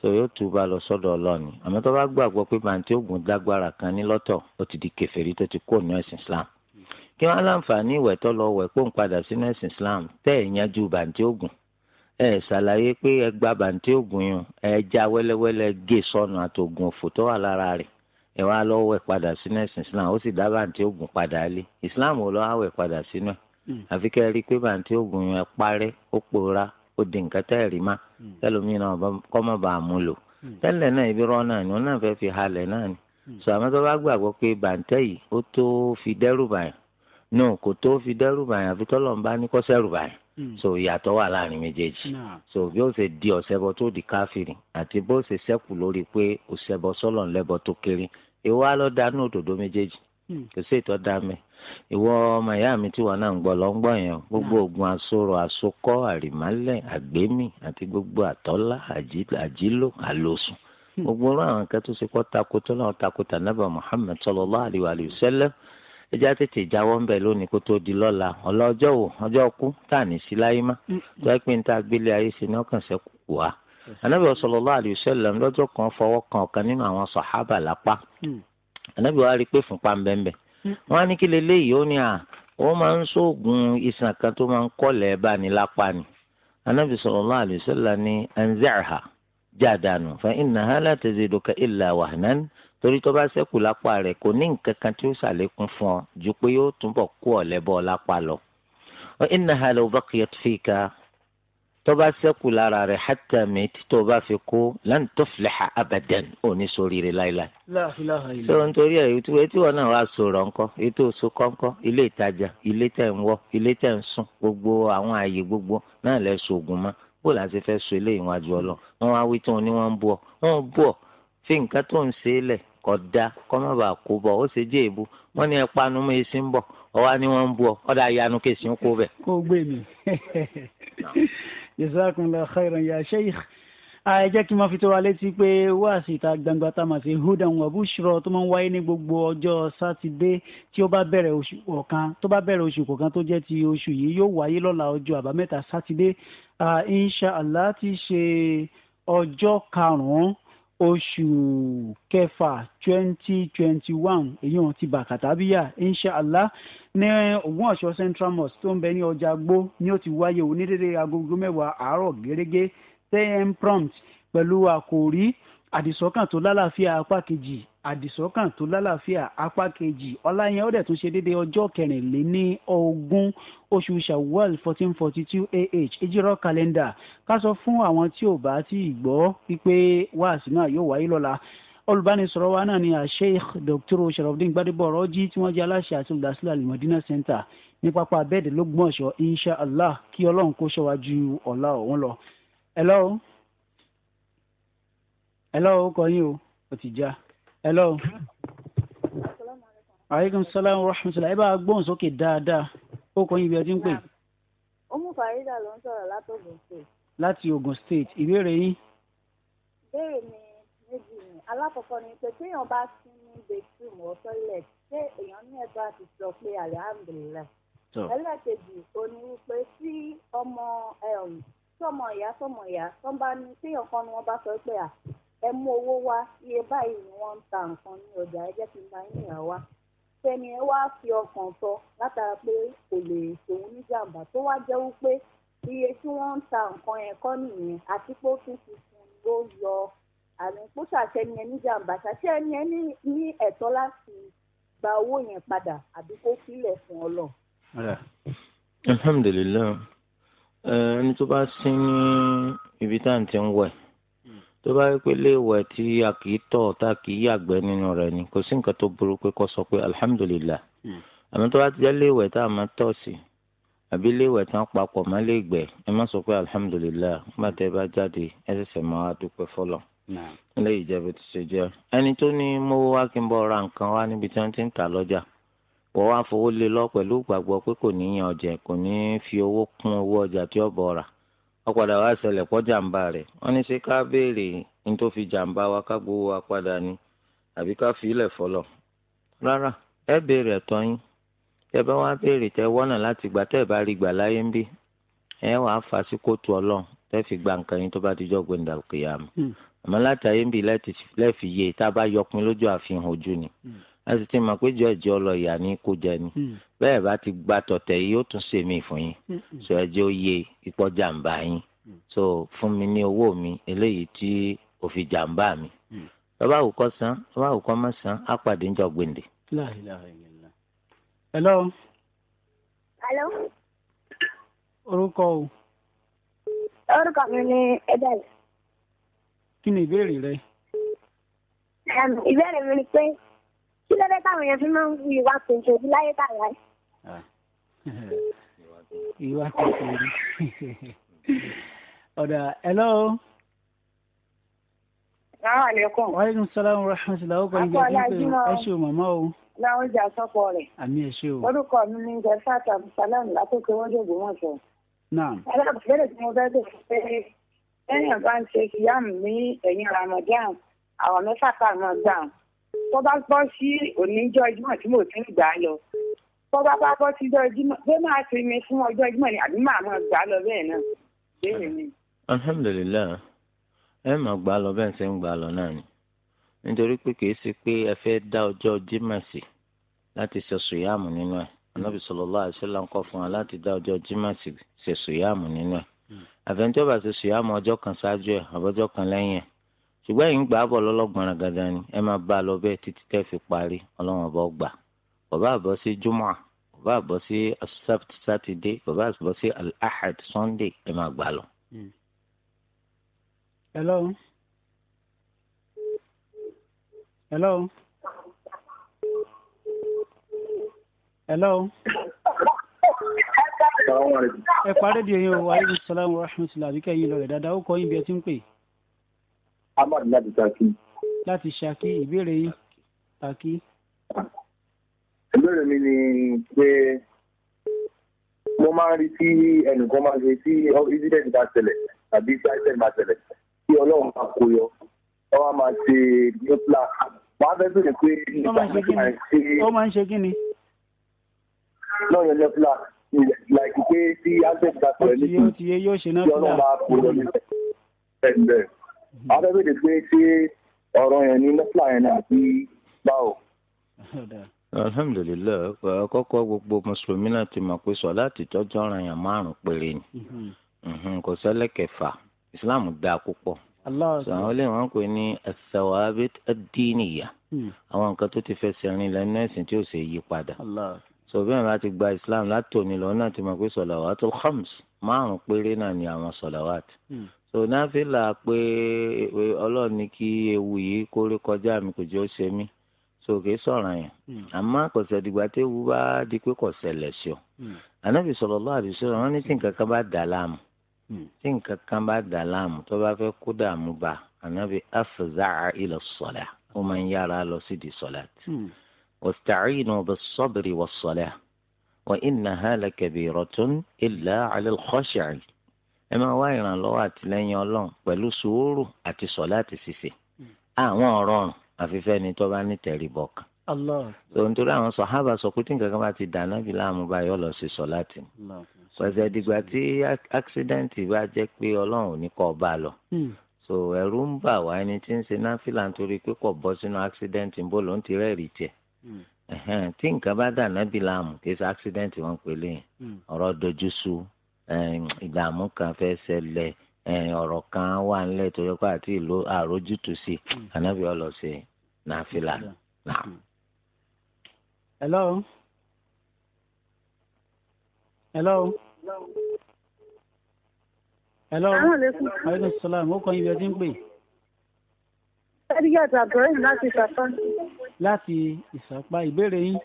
tó mm. yóò tù bá lọ sọdọ ọlọ́ọ̀ni àmọ́ tó bá gbàgbọ́ pé pàǹtí ogun dágbára kan ní lọ́tọ̀ ó ti di kèfèrí tó ti kó nù ẹ̀sìn Islam mm. kí wọ́n láǹfààní ìwẹ̀ tó lọ wẹ̀ pé padà sínú ẹ̀sìn Islam tẹ́ ẹ̀ yanjú pàǹtí ogun ẹ ṣàlàyé pé ẹ gba bàǹtí ògùn yàn ẹ já wẹ́lẹ́wẹ́lẹ́ gé sọnù àtògùn òfò tó wà lára rẹ̀ ẹ wá lọ wẹ̀ padà sínú ẹ̀sìn islam ó sì dá bàǹtí ògùn padà lé islam ò lọ wẹ̀ padà sínú ẹ̀ hmm. àfi kẹ́ ẹ rí i pé bàǹtí ògùn yàn ẹ parẹ́ ó pòórá ó di nǹkan tẹ́ ẹ̀ rí má hmm. tẹ́lómìíràn hmm. kọ́ Hmm. so ìyàtọ̀ wà láàrin méjèèjì so bí ó ṣe di ọ̀sẹ̀bọ tó di káfírin àti bó ṣe sẹ́kù lórí pé ọ̀sẹ̀bọ sọ́lọ̀ ńlẹ́bọ tó kéré ìwọ á lọ dánú òdòdó méjèèjì hmm. kò sí ìtọ́ dá mi ìwọ ọmọ ìyá mi tí wọn náà ń gbọ́ lọ ń gbọ́ yẹn gbogbo oògùn asọ̀rọ̀ asokọ́ àrìmálẹ̀ àgbémì àti gbogbo àtọ́lá àjílò àlòsùn hmm. gbogbo ọ̀rọ̀ àwọn akẹ́tọ́ sí pọ́ takotọ́ náà takotà nábà Muhammad sallallahu alaihi wa sallam ẹjẹ́ àtètè jáwọ́ ń bẹ̀ lónìí kó tó di lọ́la ọ̀la ọjọ́ wo ọjọ́ kú tá à ní sí láyé má mm. tó ẹ pé níta gbélé ayé ṣe ní ọkàn ṣẹ́kù kù wá. anábì sallallahu alaihi wasallam lọ́jọ́ kan fọwọ́ kan ọ̀kan nínú àwọn sàhábà lápá anábì mm. wa rí i pé fúnpá ń bẹ́ẹ̀ bẹ́ẹ̀ mm. wọ́n á ní kí leléyìí ó ní à wọ́n máa ń sóògùn iṣan kan tó máa ń kọ́lẹ̀ bá ní lápá ni anábì sallallahu alaihi ní anza'ha jáàdánù fa innaha la torí tó bá ṣẹ́kù lápá rẹ̀ kò ní nǹkan kan tí ó ṣàlékún fún ọ ju pé yóò túbọ̀ kú ọ̀lẹ́bọ̀ lápá lọ. wa innaha law baqiyat fika tó bá ṣẹ́kù lára rẹ̀ hatta mit tó bá fi kú lan tufliha abadan òní sóríire láéláé. sọ nítorí ẹ̀ ìtura tí wọn náà wá sọ̀rọ̀ ńkọ́ ètò oṣù kọ́ńkọ́ ilé ìtajà ilé tẹ̀ ń wọ́ ilé tẹ̀ ń sùn gbogbo àwọn ààyè gbogbo náà lẹ́ sọ̀gùn mọ́ bó la ṣe fẹ́ sọ eléyìí wájú ọlọ́ wọn wá wí tí wọn ní wọn ń bú ọ wọn ń bú ọ fi nǹkan tó ń ṣe é lẹ̀ kódà kọ́mọ́bà kó bọ̀ ó ṣe jẹ́ èbú wọ́n ní ẹ̀pá nu mọ́ èsì ń bọ̀ ọ̀wá ni wọ́n ń bu ọ ọ̀dà yanu kèsì ń kó bẹ̀. kó gbé mi jazakumullahu khairan ya sheikh ẹ jẹ́ kí n máa fi tó wa létí pé wáàsí ìta gbangba tá a máa ṣe hudan wa bushra tó máa ń wáyé ní gbogbo ọjọ́ sátidé tí ó bá bẹ̀rẹ̀ oṣù kọ̀ọ̀kan tó bá bẹ̀rẹ̀ oṣù kọ̀ọ̀kan tó jẹ́ ti oṣù yìí yóò wáyé lọ́la ọjọ́ àbámẹ́ta sátidé insha allah ti ṣe ọjọ́ karùn-ún oṣù kẹfà twenty twenty one èyàn ti bàkàtàbíyà inshàlá ní Ògbómọ̀ṣọ́ central mosque tó ń bẹ ní ọjà gbó ni ó ti wáyé onídéédé agogo mẹ́wàá àárọ̀ gẹ́gẹ́ ten prompt pẹ̀lú àkòrí àdìsọ́kàn tó lálàáfíà apá kejì àdìsọ́kàn tó lálàáfíà apá kejì ọláyẹn ó dẹ̀ tún ṣe déédéé ọjọ́ kẹrìnléní ogún oṣù shawwal fourteen forty two ah ejirọ kàlẹ́ndà ká sọ fún àwọn tí ò bá tí ì gbọ́ wípé wáàsí náà yóò wáyé lọ́la olùbánisọ̀rọ̀ wa náà ni sheikh dr sharafdin gbadebo ọ̀rọ̀jì tí wọ́n jẹ́ aláṣẹ àti olùdásílẹ̀ alimọ̀dínà center ní pápá abẹ́ẹ̀dẹ̀ lọ́gbọ̀nsọ̀ insha allah kí ọlọ́run kó ṣọ́ ọ̀la ọ̀hún lọ. hello hello kọ́ yín o ó ti já hello. aleykum salaam wa rahmatulah ẹ bá a gbóhùn sókè dáadáa ó kọ́ yín ibi ẹ ti ń pè. ọmú farida ló ń sọ̀rọ̀ láti Ogun State. láti Ogun State ìbéèrè yín. ìbéèrè mi méjì ni alákọ̀ọ́kọ́ ni pé téèyàn bá sí ní bedroom or toilet ṣé èèyàn ní ẹ̀tọ́ àti sọ pé alihamudulilayi. ẹlẹ́kejì ó ní wípé tí ọmọ sọmọ ìyá sọmọ ìyá tó ń bá ní téèyàn kan ni wọ́n bá sọ pé à Ẹ mú owó wá, iye báyìí ni wọ́n ń ta nǹkan ní ọjà, ẹ jẹ́ kí n bá wá, tẹ́ni yẹn wá fi ọkàn tọ̀ látara pé kò lè ṣòun ní jàm̀bá, tó wá jẹ́ wípé iye tí wọ́n ń ta nǹkan yẹn kọ́ nìyẹn àti pé ó tún ti fún un ló yọ àní pó ṣàṣẹ ni ẹni jàǹbá ṣàṣẹ ni ẹni ní ẹ̀tọ́ láti gba owó yẹn padà àbí kó sílẹ̀ fún ọ lọ. alhamdulilayi ẹni tó bá sí ní ibi tá à ń ti ń wẹ̀ tó bá yẹ pé léèwọ̀ tí a kì í tọ̀ tá a kì í yàgbẹ́ nínú rẹ̀ ni kò sí nǹkan tó burú pé kó sọ pé alhamdulillah hmm. àmọ́ tó bá ti jẹ́ léèwọ̀ tá a máa tọ̀ sí àbí léèwọ̀ tí wọ́n papọ̀ má lè gbẹ̀ ẹ má sọ pé alhamdulillah nígbà tẹ́ bá jáde ẹ ṣẹ̀ṣẹ̀ máa dúpẹ́ fọlọ́ ilé ìjẹ́bù ti ṣe jẹ́ ẹni tó ní mówó wá kí n bọ̀ ra nǹkan wá níbi tí wọ́n ti ń tà lọ́jà wọ́n wá fowó lé lọ pẹ̀lú ìgbàgbọ́ pé kò ní yan ọjà kò ní fi owó kún owó ọ̀padà wá ṣẹlẹ̀ pọ̀ jàǹbá rẹ̀ wọ́n ní ṣé ká béèrè ní tó fi jàǹbá wa ká gbowó wa padà ni àbí ká fi ilẹ̀ fọlọ̀ rárá ẹ béèrè ẹ̀tọ́ yín tẹ bá wá béèrè tẹ wọ́nà láti gbà tẹ́ ẹ bá rí gbà láyé ń bí ẹ wàá fà sí kóòtù ọlọ́run tẹ́ fi gba nǹkan yín tó bá ti jọ́ gbẹ̀ǹdà òkè yá hmm. mi àmọ́ látàyé ń bí lẹ́ẹ̀fi yé tá a bá yọpin lójú àfihàn ojú ni. Hmm a sì ti mọ̀ pé jọ̀jọ̀ ọlọ́ọ̀yà ní kó jẹ ni hmm. bẹ́ẹ̀ bá ti gba tọ̀tẹ̀ yìí yóò tún ṣèmí fún yín hmm, hmm. sọ ẹjẹ́ ó yẹ ìpọ́ jàǹbá yín so fún mi ní owó mi eléyìí tí ó fi jàǹbá mi bàbá àwùkọ san bàbá àwùkọ má san á pàdé ń jọ gbèǹde. hello. hello. orúkọ o. orúkọ mi ni edel. kí ni ìbéèrè rẹ. ìbéèrè mi ni pé kí ló dé táwọn èèyàn fi máa ń fi ìwà tuntun bí láyé tààrà ẹ. Ah. ìwà tuntun rí ọ̀dà hello. Assalamu alaikum. Wa alaikum salam wa rahmatullahi wa barakatuh. Ẹ ṣe o màmá o. Láwọn ìjà sọ́kọ rẹ̀. Àmì ẹ ṣe o. Orúkọ mi ni Jẹ́fàt Abdulsalam látòkè wọ́n jògbó wọn sọ. Naam. Ẹlẹ́bùsẹ̀lẹ̀ tí mo fẹ́ tó fẹ́ lẹ́yìn bá ń ṣe kìyàmù ní ẹ̀yìn Ramadan, àwọn mẹ́fà kan máa gbà tó bá gbọ́ sí oníjọ́ ìjímọ̀ tí mo ti ń gbà á lọ tó bá bá bọ́ sí ọjọ́ ìjímọ̀ bó máa ṣe mi fún ọjọ́ ìjímọ̀ ni àbí màá máa gbà á lọ bẹ́ẹ̀ náà bẹ́ẹ̀ ni. alhamdulilayi ẹ máa gbà á lọ bẹ́ẹ̀ ṣe ń gbà á lọ náà ni nítorí pé kìí ṣe pé ẹ fẹ́ dá ọjọ́ jímọ̀ sí láti ṣe sùyàmù nínú ẹ̀ anábì sallallahu alaihi wasallam kọ́ fún wa láti dá ọjọ́ jímọ̀ sí ṣe sùyàmù nínú ẹ̀ hmm. àfẹnjọba ṣe sùyàmù ọjọ́ kan ṣáájú ẹ̀ àbọ̀jọ́ kan lẹ́yìn ẹ̀ ṣùgbọ́n ẹ̀yin gbà á bọ̀ lọ́lọ́gbọ̀nrán gàdá ni ẹ máa bá a lọ bẹ́ẹ̀ títí tẹ́ fi parí ọlọ́run ọba ọgbà bàbá àbọ̀ sí jumua bàbá àbọ̀ sí sátidé bàbá àbọ̀ sí alahad sunday ẹ máa gbà lọ. Hmm. hello hello hello. ẹ parí di eyín o aleykum salaam wa rahmatulah àbíkẹ́ yìí lọ rẹ̀ dáadáa ó kọ́ yín bí ẹ ti ń pè é ahmad láti ṣákí. láti ṣákí ìbéèrè yìí ṣákí. ìbéèrè mi ni pé mo máa ń rí tí ẹnìkan máa ṣe tí incident bá ṣẹlẹ̀ tàbí tí accident bá ṣẹlẹ̀ tí ọlọ́run máa kó yọ ọ wá máa ṣe nuclear wàá fẹ́ bèrè pé ó máa ń ṣe kí ni. náà yọ nuclear like pé tí accident bá ṣẹlẹ̀ níbi tí ọlọ́run máa kó yọ níbẹ̀ àwọn fẹ́ bèèrè pé ṣé ọ̀rọ̀ yẹn ní mọ́tìlá yẹn náà ti báwò. alhamdulilayi àkọ́kọ́ gbogbo mùsùlùmí náà ti mọ̀ pé sọ̀lá àtijọ́jọ́ ọ̀ràn yẹn márùn-ún péré ni mhm. Mhm, kò sẹ́lẹ̀ kẹfà ìsìláàmù dáa púpọ̀ sàwọn ilé wọn pè ní asawabit adiniya hmm. àwọn nǹkan tó ti fẹsẹ̀ rìn lẹ́nu ẹ̀sìn tí ò sì yí padà sọ̀bẹ́ẹ̀ láti gba islam látòní lọ́nà tí mo pè sọ̀làwàtò khams márùn-ún péré náà ni àwọn sọ̀làwàtò hmm so náfìlà pé ọlọ́run ní kí ewu yìí kórè kọjá mi kò jẹ́ ṣe mí so kì í sọ̀ràn yẹn hmm. àmọ́ kọ̀sẹ̀ dìgbà tí ewu bá di pé kọ̀sẹ̀ lẹ̀ sí ọ hmm. ànábì sallallahu alaihi wasallam wọn ní tí nǹkan kan bá dà láàmú hmm. tí nǹkan kan bá dà láàmú tó bá fẹ́ kó dààmú bá ànábì afza'a ila ssalah ó máa ń yára lọ sídìí sọ̀lá wasta'inu bis-sabri was-salah wa innaha lakabiratun illa 'ala al-khashi'in ẹ máa wá ìrànlọ́wọ́ àtìlẹ́yìn ọlọ́run pẹ̀lú sùúrù àti sọ̀láàtì ṣíṣe hmm. àwọn ọ̀rọ̀ ọ̀run àfifẹ́ ni tó bá ní tẹ̀rìbọ̀ kan. tòǹtòrí àwọn sọ̀hábà sọ pé tí nǹkan kan bá ti dànù bí láàmú bá yọ lọ sí sọ̀láàtì. pẹ̀sẹ̀ dìgbà tí accident bá jẹ́ pé ọlọ́run ò ní kọ́ ọ bá lọ. Hmm. so ẹ̀rù ń bà wá ẹni tí ń ṣe náfìlà nítorí pé kò bọ́ sínú accident ń bò ló ń ti rẹ́ẹ̀rì tiẹ̀ hmm. tí nǹkan bá dànù bí láàmú kì í ṣe accident wọn pè ìdààmú kan fẹ́ ṣẹlẹ̀ ọ̀rọ̀ kan wà nílẹ̀ tó àti ìlú àrójútù sí hmm. ànábì ọlọ nàfìlà hmm. náà. hello. hello. hello. aleykum kàn yín bí ẹ ti ń pè. ẹ̀ríyàtọ̀ àbúrò láti láti ìbéèrè yín.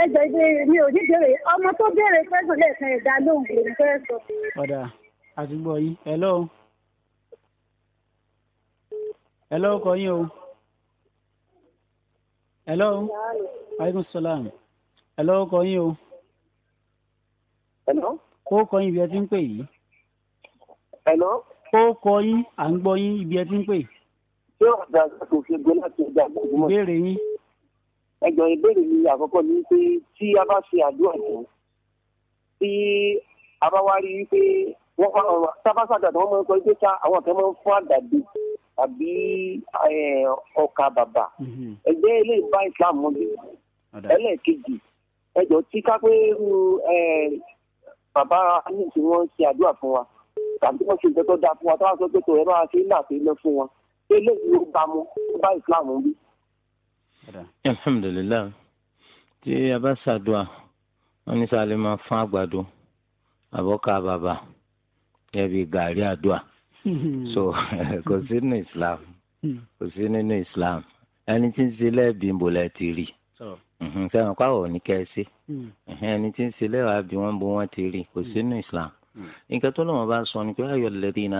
ẹ jẹ́ ibi mi ò ní béèrè ọmọ tó béèrè fẹsùn lẹ́ẹ̀kan ẹ̀dá lóhùn kò ní fẹ́ sọ. ọ̀dà àtúgbọ̀ yìí hello hello kọ yín o hello aleykum salaam hello kọ yín o. hello. ó kọ yín ibi ẹ ti ń pè yìí. hello. ó kọ yín à ń gbọ́ yín ibi ẹ ti ń pè. ṣé ọ̀dà kò ṣe gbé láti ọjà àgbà yìí ìbéèrè yín ẹjọ ìbéèrè mi àkọ́kọ́ ni pé tí a bá ṣe àdúrà tán tí a bá wá rí i pé wọ́n fa ọ̀rọ̀ sábà sàdà tí wọ́n máa ń sọ pé ká àwọn kan máa ń fún àdàdo àbí ọkà bàbà mhm. ẹgbẹ́ ilé ìbá islam mọ́lẹ̀ ẹlẹ́ẹ̀kejì ẹjọ tí kápẹ́ irú bàbá ní tí wọ́n ṣe àdúrà fún wa tàbí wọ́n ṣe nǹkan tó dáa fún wa táwọn sọ pé tòun ẹ bá wa ṣe ń là sí lọ fún wọn pé lẹ́yìn ló bá mú bá islam mú bí alhamdulilayi tí a bá ṣàdúrà wọn ní sáré máa fún àgbàdo àbọ́ká bàbà ẹbí gàrí àdúrà so kò sí nínú islam hmm. kò sí nínú islam ẹni tí ń ṣe lẹ́ẹ̀bí ń bò lẹ́ẹ̀ ti rí sẹ́wọ̀n káwọ̀ ní kẹ́sí ẹni tí ń ṣe lẹ́wàá bí wọ́n bó wọ́n ti rí kò sí hmm. nínú islam hmm. nǹkan tó lọ́wọ́ bá sọ ni pé ayọ̀ lẹ́dí iná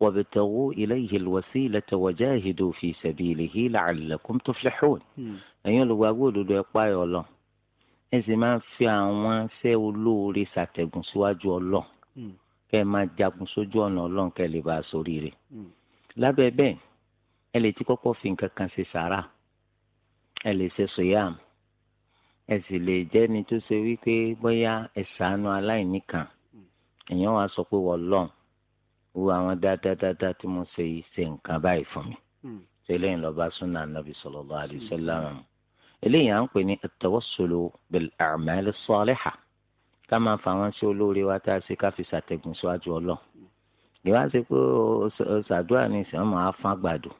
وابتغوا إليه الوسيلة وجاهدوا في سبيله لعلكم تفلحون hmm. ẹ̀yin olùgbàgbọ́ òdodo ẹ páyà Ọlọ́run ẹ sì máa ń fi àwọn fẹ́ olóore ṣàtẹ̀gùn síwájú Ọlọ́run hmm. kẹ́ ẹ máa jagun sójú ọ̀nà Ọlọ́run kẹ́ ẹ lè bá a ṣoríire hmm. lábẹ́ bẹ́ẹ̀ ẹ lè ti kọ́kọ́ fi nǹkan kan ṣe sàrà ẹ lè ṣe sòyàm ẹ sì lè jẹ́ni tó ṣe wípé bóyá ẹ ṣàánú aláìníkan èèyàn wàá sọ pé wọ́n lọ́run wo àwọn dáadáa tí mo ṣe yìí ṣe nǹkan báyìí fún mi hmm. ṣe eléyìí lọ́ba súnà nàbì sallallahu alaihi wasallam hmm. eléyìí à ń pè ní at-tawassulu bil a'mal as-salihah ká máa fa wọn sí olóore wa tá a ṣe ká fi ṣàtẹ̀gùn síwájú ọlọ́ ìwà ṣe pé ṣàdúrà ní ìsìn ọmọ afán gbàdùn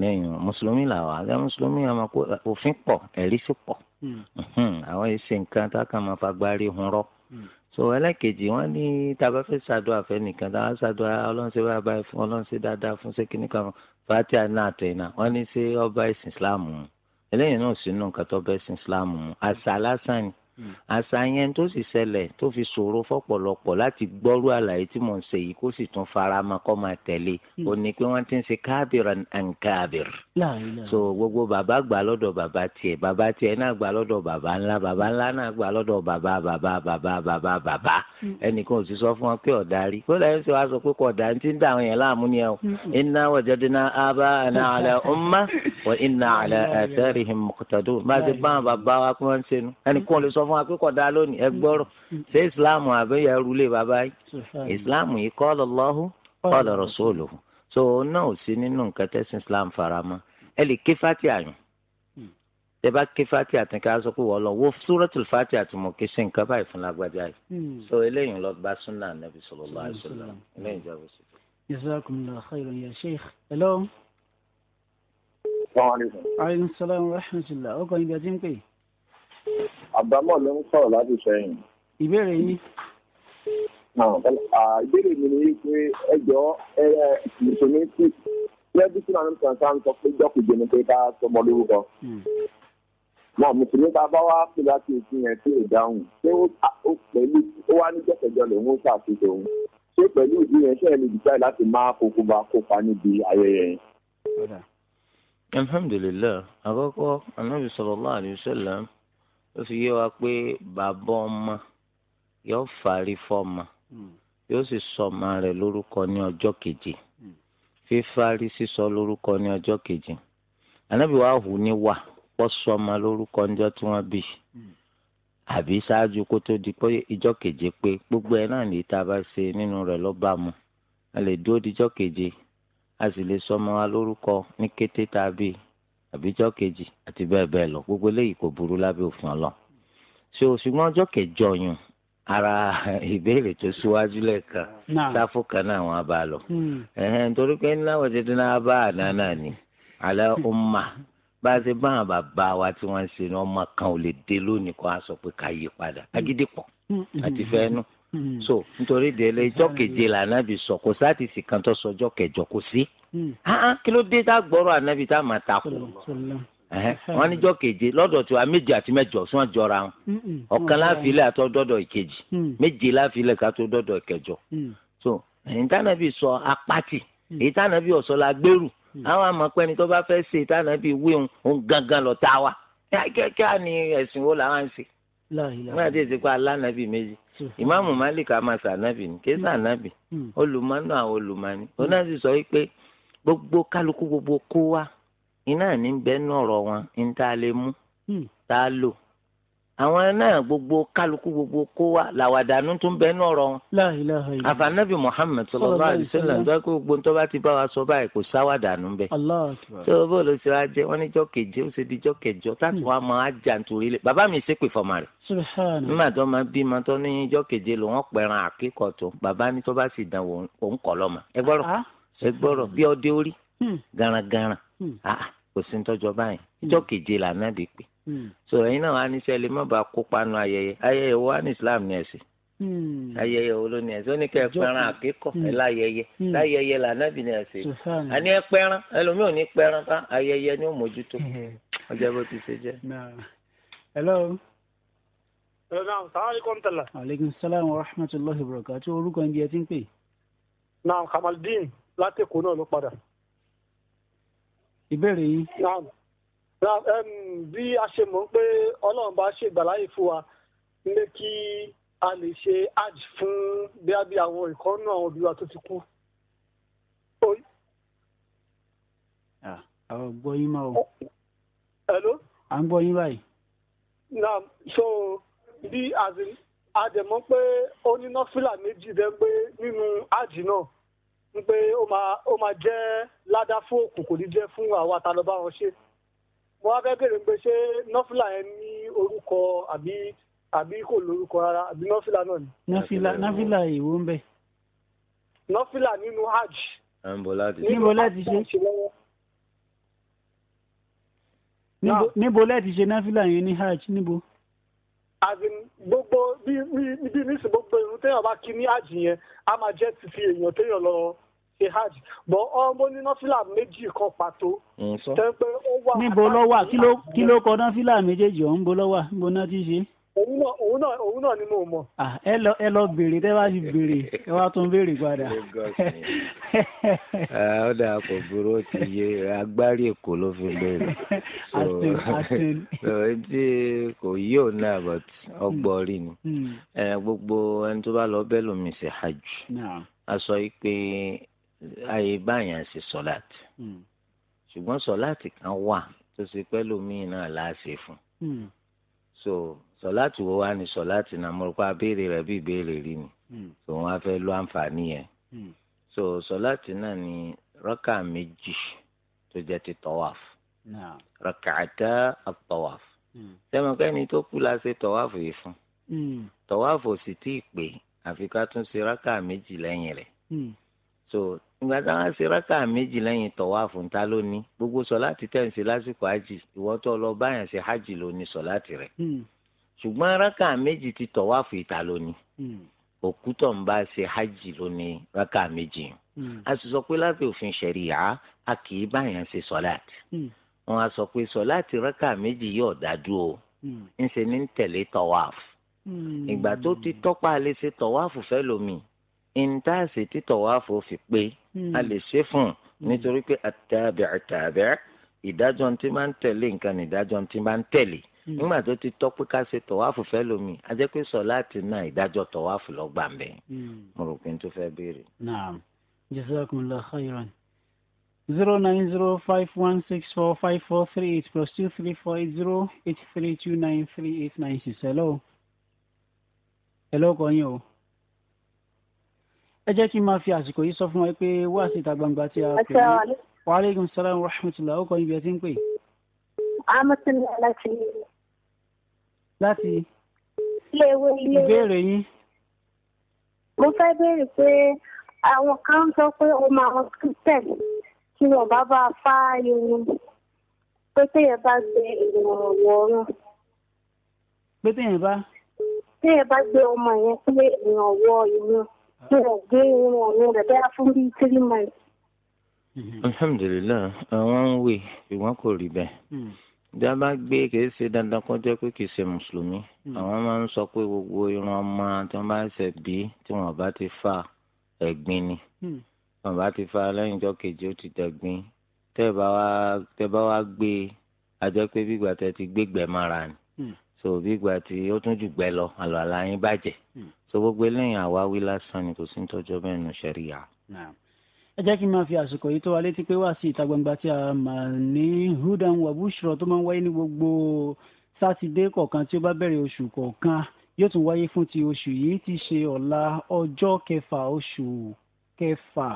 lẹ́yìn mùsùlùmí làwọn àgbà mùsùlùmí àmọ́ òfin pọ̀ ẹ̀rí sì pọ̀ hmm. àwọn ìṣe nǹkan tá a kà máa fagbárí hun rọ́ so ẹlẹ́kejì wọ́n ní tábà fẹ́ ṣàdúrà fẹ́ nìkan tábà ṣàdúrà ọlọ́nṣẹ́ bá bá fún ọlọ́nṣẹ́ dáadáa fún ṣé kíníkà fún fàátì àná àtẹ̀yìnà wọ́n ní ṣé ọba ẹ̀sìn islam mu eléyìí náà sínú nǹkan tó bẹ́ ẹ̀sìn islam mu àṣà lásán ni hmm. àṣà yẹn tó sì ṣẹlẹ̀ tó fi ṣòro fọ́pọ̀lọpọ̀ láti gbọ́rú àlàyé tí mò ń ṣe yìí kó sì tún fara mọ́ kọ́ máa tẹ̀lé hmm. ó pé wọ́n ti ń ṣe kábìrì so gbogbo bàbá gbà lọ́dọ̀ bàbá tiẹ̀ bàbá tiẹ̀ náà gbà lọ́dọ̀ bàbá ńlá bàbá ńlá náà gbà lọ́dọ̀ bàbá bàbá bàbá bàbá bàbá mm. ẹnìkan ò sì sọ fún wọn pé ọ̀darí kó lẹ́yìn sọ wá sọ pé kò ọ̀darí tí ń dà àwọn yẹn láàmú ni ẹ o inna wajadna aba'ana ala umma wa inna ala atharihim muqtadun bá a ti bá àwọn bàbá wa kí wọ́n ń ṣe nu ẹnìkan ò lè sọ fún wa pé kò ọ̀dà lónìí ẹ gbọ́rọ̀ ṣé ìsìláàmù àbẹ́yẹ rúlé bàbá yìí ìsìláàmù yìí qala Allahu so náà ò sí nínú nǹkan tẹ́sán islam farama ẹ lè ké fati àyàn hmm. tẹ bá ké fati àti ká sọ pé wọ́n lọ wo suratul fati àti mo ké sí nǹkan báyìí fún lágbájá yìí hmm. so eléyìí lọ bá sunna nabi sallallahu alaihi wasallam eléyìí jẹ́ bó ṣe. jazakumullahu khairan ya sheikh hello. salaamaleykum. aleykum salaam wa rahmatulah ọkọ ibi àti ń pè. àbámọ̀ ló ń sọ̀rọ̀ láti sẹ́yìn. ìbéèrè yìí. Uh, ìbéèrè mi ni pé ẹjọ́ mùsùlùmí tí lẹ́bí tí màmí kankan sọ pé jọ́kùjẹ́ ni pé ká sọmọ lórúkọ. Hmm. wọn mùsùlùmí ta bá wá pè láti èsì yẹn tí ò dáhùn ṣé ó pẹ̀lú ó wá ní jẹ́kẹ̀jọ lòun ó ṣàtúnṣe òun ṣé pẹ̀lú ìdí yẹn ṣe é lè dìtà láti máa kókó bá kópa níbi ayẹyẹ yẹn. alhamdulilayi àkọ́kọ́ anabi sallallahu alaihi wasallam ó fi yé wa pé bàbá ọmọ yóò fàárí fọ́mọ yóò sì sọmọ rẹ̀ lórúkọ ní ọjọ́ keje fífárí sísọ lórúkọ ní ọjọ́ keje ànábì wa hù ní wà pọ́ sọmọ lórúkọ níjọ́ tí wọ́n bí àbí ṣáájú kó tó di pé ìjọ́ keje pé gbogbo ẹ̀ náà lè ta bá ṣe nínú rẹ̀ lọ́ba mu a lè dúró díjọ́ keje a sì lè sọmọ wa lórúkọ ní kété tá a bí àbíjọ́ kejì àti bẹ́ẹ̀ bẹ́ẹ̀ lọ gbogbo eléyìí kò burú lábẹ́ òfin ọlọ́run ṣé o kẹjọ yùn ara ìbéèrè tó síwájú lẹ́ẹ̀kan sáfù kan náà wọn bá lọ. Hmm. torí pé ńlá wọ́n ti dín náà bá ànánà ni alẹ́ ó mà bá a ṣe bá àwọn bàbá wa tí wọ́n ń ṣe ni ọmọ kan ò lè dé lónìí kó a sọ pé ká yí padà hmm. agídí pọ̀ àti hmm. fẹ́ẹ́nu. so nítorí délé ìjọ keje lànà bí sọ kò sáàtì sì kan tó sọ ọjọ́ kẹjọ kò sí. Ah, ah, kí ló dé tá gbọ́rọ̀ ànábì tá a máa takò wọn níjọ́ keje lọ́dọ̀ tiwa méje àti mẹ́jọ sún àjọra wọn ọ̀kan láfilẹ̀ àtọ́ dọ́dọ̀ ìkejì mm. méje láfilẹ̀ kátó dọ́dọ̀ ìkẹjọ mm. so ìtànàbí sọ apáti ìtànàbí mm. ọ̀sọ́ la gbèrú àwọn amọ̀pẹ́ni tó bá fẹ́ ṣe ìtànàbí wíhun òun gangan lọ tá wa kíákíá ni ẹ̀sìn wo làwọn ń ṣe wọn àti ìsìnkú alánàbí méjì ìmáàmù Malik amasa anabi ni kéésà anabi olùmọ́nù àwọn olùmọ́ni onáà sì sọ wípé gbogbo kálukú gbogbo kó wa iná ní bẹ́ẹ̀ nọ̀rọ̀ wọn ní tá a lè mú hmm. tá a lò àwọn náà gbogbo kálukú gbogbo kó wa làwàdànù tún bẹ́ẹ̀ nọ̀rọ̀ wọn. àfànàbì Muhammad sallallahu alaihi wasallam tó gbogbo tó bá ti bá wa sọ báyìí kò sáwàdànù bẹ́ẹ̀. tó o bó ló ṣe wá jẹ wọn níjọ́ keje ó ṣe di jọ́ kẹjọ táàtì wa máa jà nítorí lẹ bàbá mi ṣépè fọmọ rẹ. nígbà tó máa bí ma tó ní jọ́ keje ló wọ́n pẹ̀ràn àkíkọ̀ tó bàbá ni tó bá sì dàn òun kọ̀ lọ́mọ. ẹ gbọ́rọ̀ ah, ah. bí ọdẹ orí hmm. garagara Hmm. Ah, kò sí nítọ́jọ́ báyìí ìjọ hmm. keje lànà bí pé hmm. so ẹ̀yin náà wàá níṣẹ́ lè má bàa kópa nu ayẹyẹ ayẹyẹ wo wà ní Islam ní ẹ̀sìn ayẹyẹ wo ló ní ẹ̀sìn ó ní kẹ́ ẹ pẹran àkẹ́kọ̀ọ́ ẹ láyẹyẹ láyẹyẹ lànà bí ní ẹ̀sìn àní ẹ pẹran ẹlòmíì ò ní pẹran bá ayẹyẹ ni ó mójútó ọjọ́ bó ti ṣe jẹ́. hello. Salaam alaikum tala. Aleykum salaam wa rahmatulahi wa barakatuh. Orúkọ ibi ẹ ti ń pè. Naam Kamaldeen láti Èkó náà ló padà ìbéèrè yìí. bí a ṣe mọ̀ pé ọlọ́run bá ṣègbà láyè fún wa nílé kí a lè ṣe hajj fún bí àwọn ìkọ́nú àwọn òbí wa tó ti kú. àwọn gbọ́ yín máa o. hello. à ń gbọ́ yín báyìí. na so bí àdèmọ́ pé ó ní nọ́fìlà méjì dẹ́ nínú hajj náà wípé ó máa ó máa jẹ́ ládá fún òkú kò ní jẹ́ fún àwa ta lọ bá wọn ṣe mo wá fẹ́ bèrè pé ṣé nọ́fìlà yẹn ní orúkọ àbí àbí kò lórúkọ rárá àbí nọ́fìlà náà ni. nọ́fìlà nọ́fìlà èwo ń bẹ. nọ́fìlà nínú hajj. níbo láti ṣe níbo láti ṣe nọ́fìlà yẹn ní hajj níbo. àzìn gbogbo bí bí nísìnyí gbogbo irun téèyàn bá kí ní hajj á máa jẹ́ títí èèyàn téèyàn lọ ṣe hajj bọ ọmọ ní nọfìlà méjì kan pàtó. tẹ́ ó wà. níbo ló wà kí ló kọ nọfìlà méjèèjì ọ̀hún bó ló wà níbo náà ti ṣe. òun náà òun náà òun náà mọ. ẹ lọ tẹ́ bá ti ẹ wá tún padà. Ah, ó dáa kò burú ó ti yé agbárí èkó ló so etí kò yí òun náà but sọ pé. àyè báyà ṣe sọláàtì hmm. ṣùgbọ́n sọláàtì kan wà tó ṣe pẹ́ lómìn náà láàṣẹ fún hmm. so sọláàtì wo wá ní sọláàtì náà mo rò pé abéèrè rẹ bí ìbéèrè rí ni hmm. so wọn á fẹ́ lo àǹfààní yẹn so sọláàtì náà ni rákà méjì tó jẹ́ ti tọ́wáf rákàtà àtọ́wáf sẹ́mọ̀kẹ́ni tó kú la ṣe tọ́wáf yìí fún tọ́wáf ò sì tí ì pé àfi ká tún ṣe rákà méjì lẹ́yìn rẹ̀ so ìgbà táwọn ṣe rákà méjì lẹ́yìn tọ̀wáàfù ńta lónìí gbogbo sọ̀láàtì tẹ̀ ń ṣe lásìkò hájì ìwọ tó lọ báyàn ṣe hájì lónìí sọ̀láàtì rẹ̀ hmm. ṣùgbọ́n rákà méjì ti tọ̀wáàfù ìta lónìí hmm. òkú tó ń bá ṣe hájì lónìí rákà méjì hmm. a sì sọ pé láti òfin ṣẹ̀ríyà a kì í báyàn ṣe sọ̀láàtì wọn a sọ pé sọ̀láàtì rákà méjì yóò dádúró ńṣe ní tẹ̀lé tọ̀wáàfù ìgbà tó ti tọ́pa lè ṣe tọ̀wáàfù fẹ́ lomi ìntàsí títọ̀ wá fò fi pé hmm. a lè ṣe fún un hmm. nítorí pé àtàbẹ̀ àtàbẹ̀ ìdájọ́ tí máa ń tẹ̀lé nǹkan ìdájọ́ tí máa ń tẹ̀lé hmm. nígbà tó ti tọ́ pé ká ṣe tọ̀wáfù fẹ́ lomi a jẹ́ pé sọ láti na ìdájọ́ tọ̀wáfù lọ gbà mo rò pé n tó fẹ́ béèrè. naam jazakumullahu khairan zero nine zero five one six four five four three eight plus two three four eight zero eight three two nine three eight nine six hello hello kò yín o ẹ jẹ́ kí n máa fi àsìkò yìí sọ fún wa pé wá síta gbangba tí a pè é wa aleykum salaam wa rahmatulah ó kọ ibi ẹ ti ń pè. amọ̀tẹ́lẹ̀ láti. láti. ilé ìwé ilé. ìbéèrè yín. mo fẹ́ béèrè pé àwọn kan ń sọ pé ó máa ń kírísítẹ̀n tí wọn bá bá fá irun pé téèyàn bá gbé ìrànwọ́ ọ̀run. pé téèyàn bá. téèyàn bá gbé ọmọ yẹn pé ìrànwọ́ ìrun tí mo gé irun ọ̀nà rẹ̀ bẹ́ẹ̀ fún bíi three months. Mm-hmm. alhamdulilayi àwọn ń wè ìwọ́n kò rí bẹ́ẹ̀ mm. bí a bá gbé kìí ṣe dandan kó jẹ́ pé kìí ṣe mùsùlùmí mm. àwọn máa ń sọ pé gbogbo irun ọmọ tí wọ́n bá ṣẹ̀ bí tí wọ́n bá ti fa ẹ̀gbin ni mm. wọ́n bá ti fa lẹ́yìn ọjọ́ kejì ó ti dẹ̀gbin tẹ́ bá wá gbé a jẹ́ pé bí ìgbà tẹ́ ti gbégbẹ́ mára ni so bí ìgbà tí ó tún jù gbẹ lọ àlọ́ àlá yín so gbogbo eléyìn àwáwí lásán ni kò sí ní tọ́jọ́ bẹ́ẹ̀ nù ṣẹ̀ríyà. ẹ jẹ́ kí n máa fi àsìkò yìí tó wa létí pé wá sí ìta gbangba tí a máa ní hudan wabushro tó máa ń wáyé ní gbogbo sátidé kọ̀ọ̀kan tí ó bá bẹ̀rẹ̀ oṣù kọ̀ọ̀kan yóò tún wáyé fún ti oṣù yìí ti ṣe ọ̀la ọjọ́ kẹfà oṣù kẹfà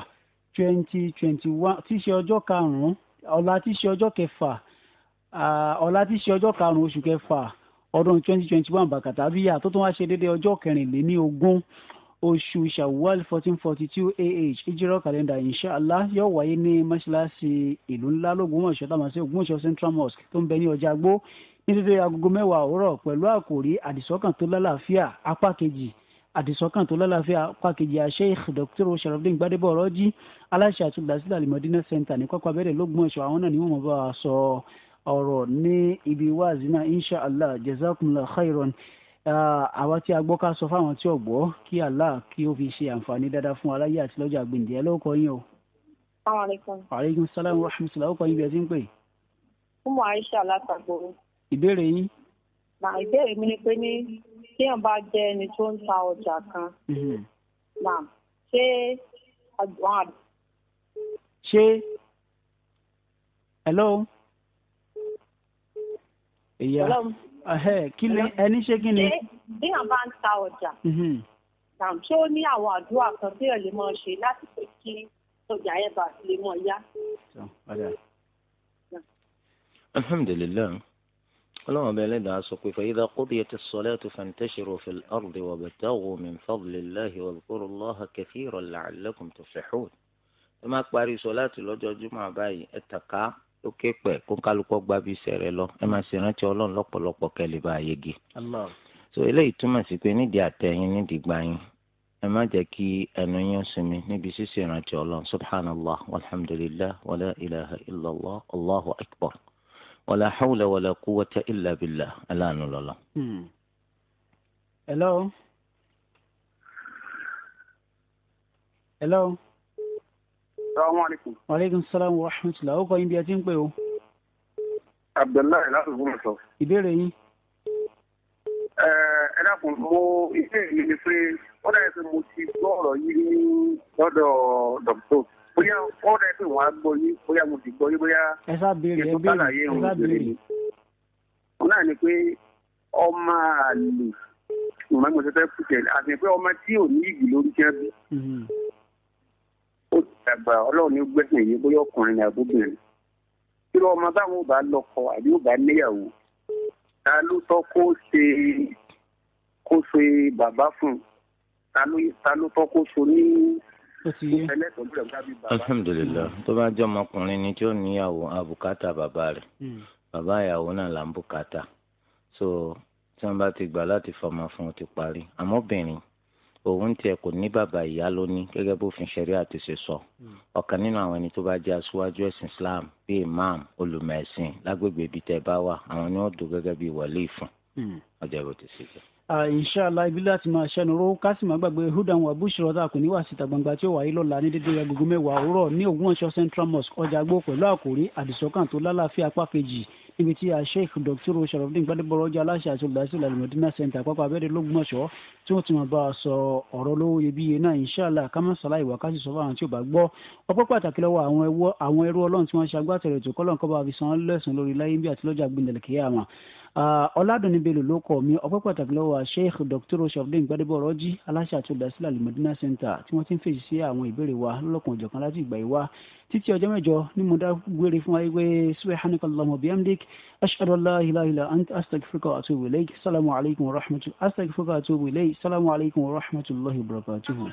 twenty twenty one ti ṣe ọjọ́ karùn-ún ọ̀la ti ṣe ọjọ́ kẹfà ọ̀la ti ṣe ọjọ́ karùn-ún oṣù kẹfà ọdún twenty twenty one bàkàtà bíyà tó tún wá ṣe déédéé ọjọ́ kẹrìnléní ogún oṣù shawwal fourteen forty two ah ìjírọ̀ kàlẹ́ndà inshàlá yóò wáyé ní mọ́ṣáláṣí ìlú ńlá lógúnmọ̀ṣọ́ tàmásí ògúnmọ̀ṣọ́ central mosque tó ń bẹ ní ọjà gbó ní títí agogo mẹ́wàá òwúrọ̀ pẹ̀lú àkòrí àdìsọ́kàn tó lálàáfíà apá kejì àdìsọ́kàn tó lálàáfíà apá kejì Sheikh Dr. sharafdin gbadebo ọ̀rọ̀jì aláṣẹ àtúndásílẹ̀ alimọ̀dínà center ní kọ́kọ́ abẹ́rẹ́ lógúnmọ̀ṣọ́ àwọn náà ni wọ́n mọ̀ bá wa sọ so, ọ̀rọ̀ ní ibi wáàzì náà insha allah jazakumullah khairan àwa tí a gbọ́ ká sọ fáwọn tí ò gbọ́ kí allah kí ó fi ṣe àǹfààní dáadáa fún aláyé àti lọ́jọ́ àgbèǹdè ẹ lóko yín o. aleykum salaam wa rahmatulah ọkọ yín bí ẹ ti ń pè. umu aisha látàgbò. ìbéèrè yín. na ìbéèrè mi ni pé ní téèyàn bá jẹ́ ẹni tó ń ta ọjà kan. naam mm-hmm. ṣé àgbọn àdùn. ṣé hello ìyá kí ni ẹni ṣé kí ni. bí wọn bá ń ta ọjà mm-hmm. ṣé ó ní àwọn àdúrà kan tí èèyàn lè máa ṣe láti pé kí ọjà yẹn bá lè máa yá. alhamdulilayi ọlọ́run ọba ẹlẹ́dàá sọ pé فإذا قضيت الصلاة فانتشروا في الأرض وابتغوا من فضل الله واذكروا الله كثيرا لعلكم تفلحون. ẹ máa parí sọ láti lọ́jọ́ jùmọ̀ báyìí ẹ tàka ó ké pẹ̀ kó kálukọ́ gba bí sẹ̀rẹ̀ lọ ẹ máa ṣe rántí ọlọ́run lọ́pọ̀lọpọ̀ lè bá a yege. so eléyìí túmọ̀ sí pé nídìí àtẹ̀yìn nídìí gbanyin ẹ má jẹ́ kí ẹnu yín sinmi níbi ṣíṣe ìrántí ọlọ́run subhanallah walhamdulillah wàlá ilaha illallah allahu akbar wàlá hawla wàlá quwwata illa billah aláàánú lọ́lọ́. Hmm. hello. hello salaamaleykum. waaleykum salaam wa rahmatulah ó kọ yín bí ẹ ti ń pè o. abdullahi láti fún mi sọ. ìbéèrè yín. ẹ dákun mo iṣẹ́ mi ni pé ó dà pé mo ti gbọ́ ọ̀rọ̀ yìí ní lọ́dọ̀ dọ̀tò bóyá ó dà pé wọ́n á gbọ́ yín bóyá mo ti gbọ́ yín bóyá. ẹ sá béèrè ẹ béèrè ẹ sá béèrè. wọn náà ni pé ọmọ àlè ìmọ̀ ìmọ̀ tẹ́tẹ́ kùtẹ̀ àti pé ọmọ tí ò ní ìgbìlórí jẹ́ bí. Mm-hmm àtàgbà Ọlọ́run ní gbẹ̀sìn yìí bóyá ọkùnrin ni àbúbìnrin kí ló ọmọ táwọn ò bá lọ́kọ àbí ò bá níyàwó ta ló tọ́ kó ṣe kó ṣe bàbá fún ta ló tọ́ kó ṣe ní alhamdulilayi tó bá jẹ́ ọmọkùnrin ni tí ó níyàwó àbùkátà bàbá rẹ̀ hmm. bàbá ìyàwó náà là ń bùkátà so tí wọ́n bá ti gbà láti fọmọ fún un ti parí àmọ́ obìnrin òun tiẹ̀ kò ní bàbá ìyá lóní gẹ́gẹ́ bófin ṣẹ̀ríà ti ṣe sọ hmm. ọ̀kan nínú àwọn ẹni tó bá jẹ́ aṣáájú ẹ̀sìn islam bíi imam olùmẹ̀sìn lágbègbè ibi tẹ́ bá wà àwọn ni wọ́n dò gẹ́gẹ́ bíi wọlé ìfún hmm. ọjọ́ ìbò ti ṣe jẹ́. inshallah ibi láti máa ṣẹnu ró kásìmọ́ gbàgbé hudan wa bushra tá a kò ní wá síta gbangba tí ó wáyé lọ́la ní dédé agogo mẹ́wàá òwúrọ̀ ní ògbómọ̀ṣọ́ central mosque ọjà gbó pẹ̀lú àkòrí àdìsọ́kàn tó lálàáfíà apá kejì níbi tí a sheikh dr sharafdin gbadebọrọ ọjà aláṣẹ àti olùdásílẹ̀ alimọdínà center àpapọ̀ abẹ́rẹ́ lógúnmọ̀ṣọ́ tí wọ́n ti mọ̀ bá a sọ ọ̀rọ̀ lówó iyebíye náà inshàlá kámásálá ìwà kásì sọ fáwọn tí ò bá gbọ́ ọpẹ́ pàtàkì lọ́wọ́ àwọn ẹrú ọlọ́run tí wọ́n ṣe agbátẹrù ètò kọ́lọ́n kọ́ba àfi san lórí láyé bí àtìlọ́jà gbìndẹ̀lẹ̀ kìí àmà ọ̀làdùnní belò ló kọ̀ mí ọpẹ́ pàtàkì lọ́wọ́ sheikh dr shafdin gbadebo ọ̀rọ̀jì aláṣẹ àti olùdásílẹ̀ alimọ̀dínà center tí wọ́n ti ń fèsì sí àwọn ìbéèrè wa lọ́lọ́kan ìjọ̀kan láti ìgbà yìí wá títí ọjọ́ mẹ́jọ ni mo dá gbére fún wa pé subhanaka allahumma bihamdik ashhadu an la wa atubu ilayk wa rahmatullahi asalaamu alaykum wa rahmatulahi wa barakatuhu.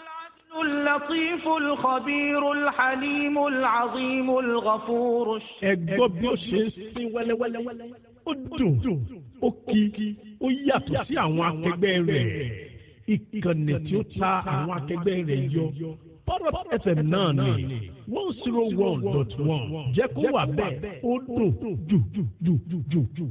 اللطيف الخبير الحليم العظيم الغفور ẹ gbọ́ bí ó ṣe ń sin wẹ́lẹ́wẹ́lẹ́ ó dùn ó kí ó yàtọ̀ sí àwọn akẹgbẹ́ ìkànnì tí ó ta àwọn akẹgbẹ́ rẹ̀ yọ Parrot FM náà ni one zero one dot one jẹ́ kó wà bẹ́ẹ̀ ó dùn jù jù jù jù.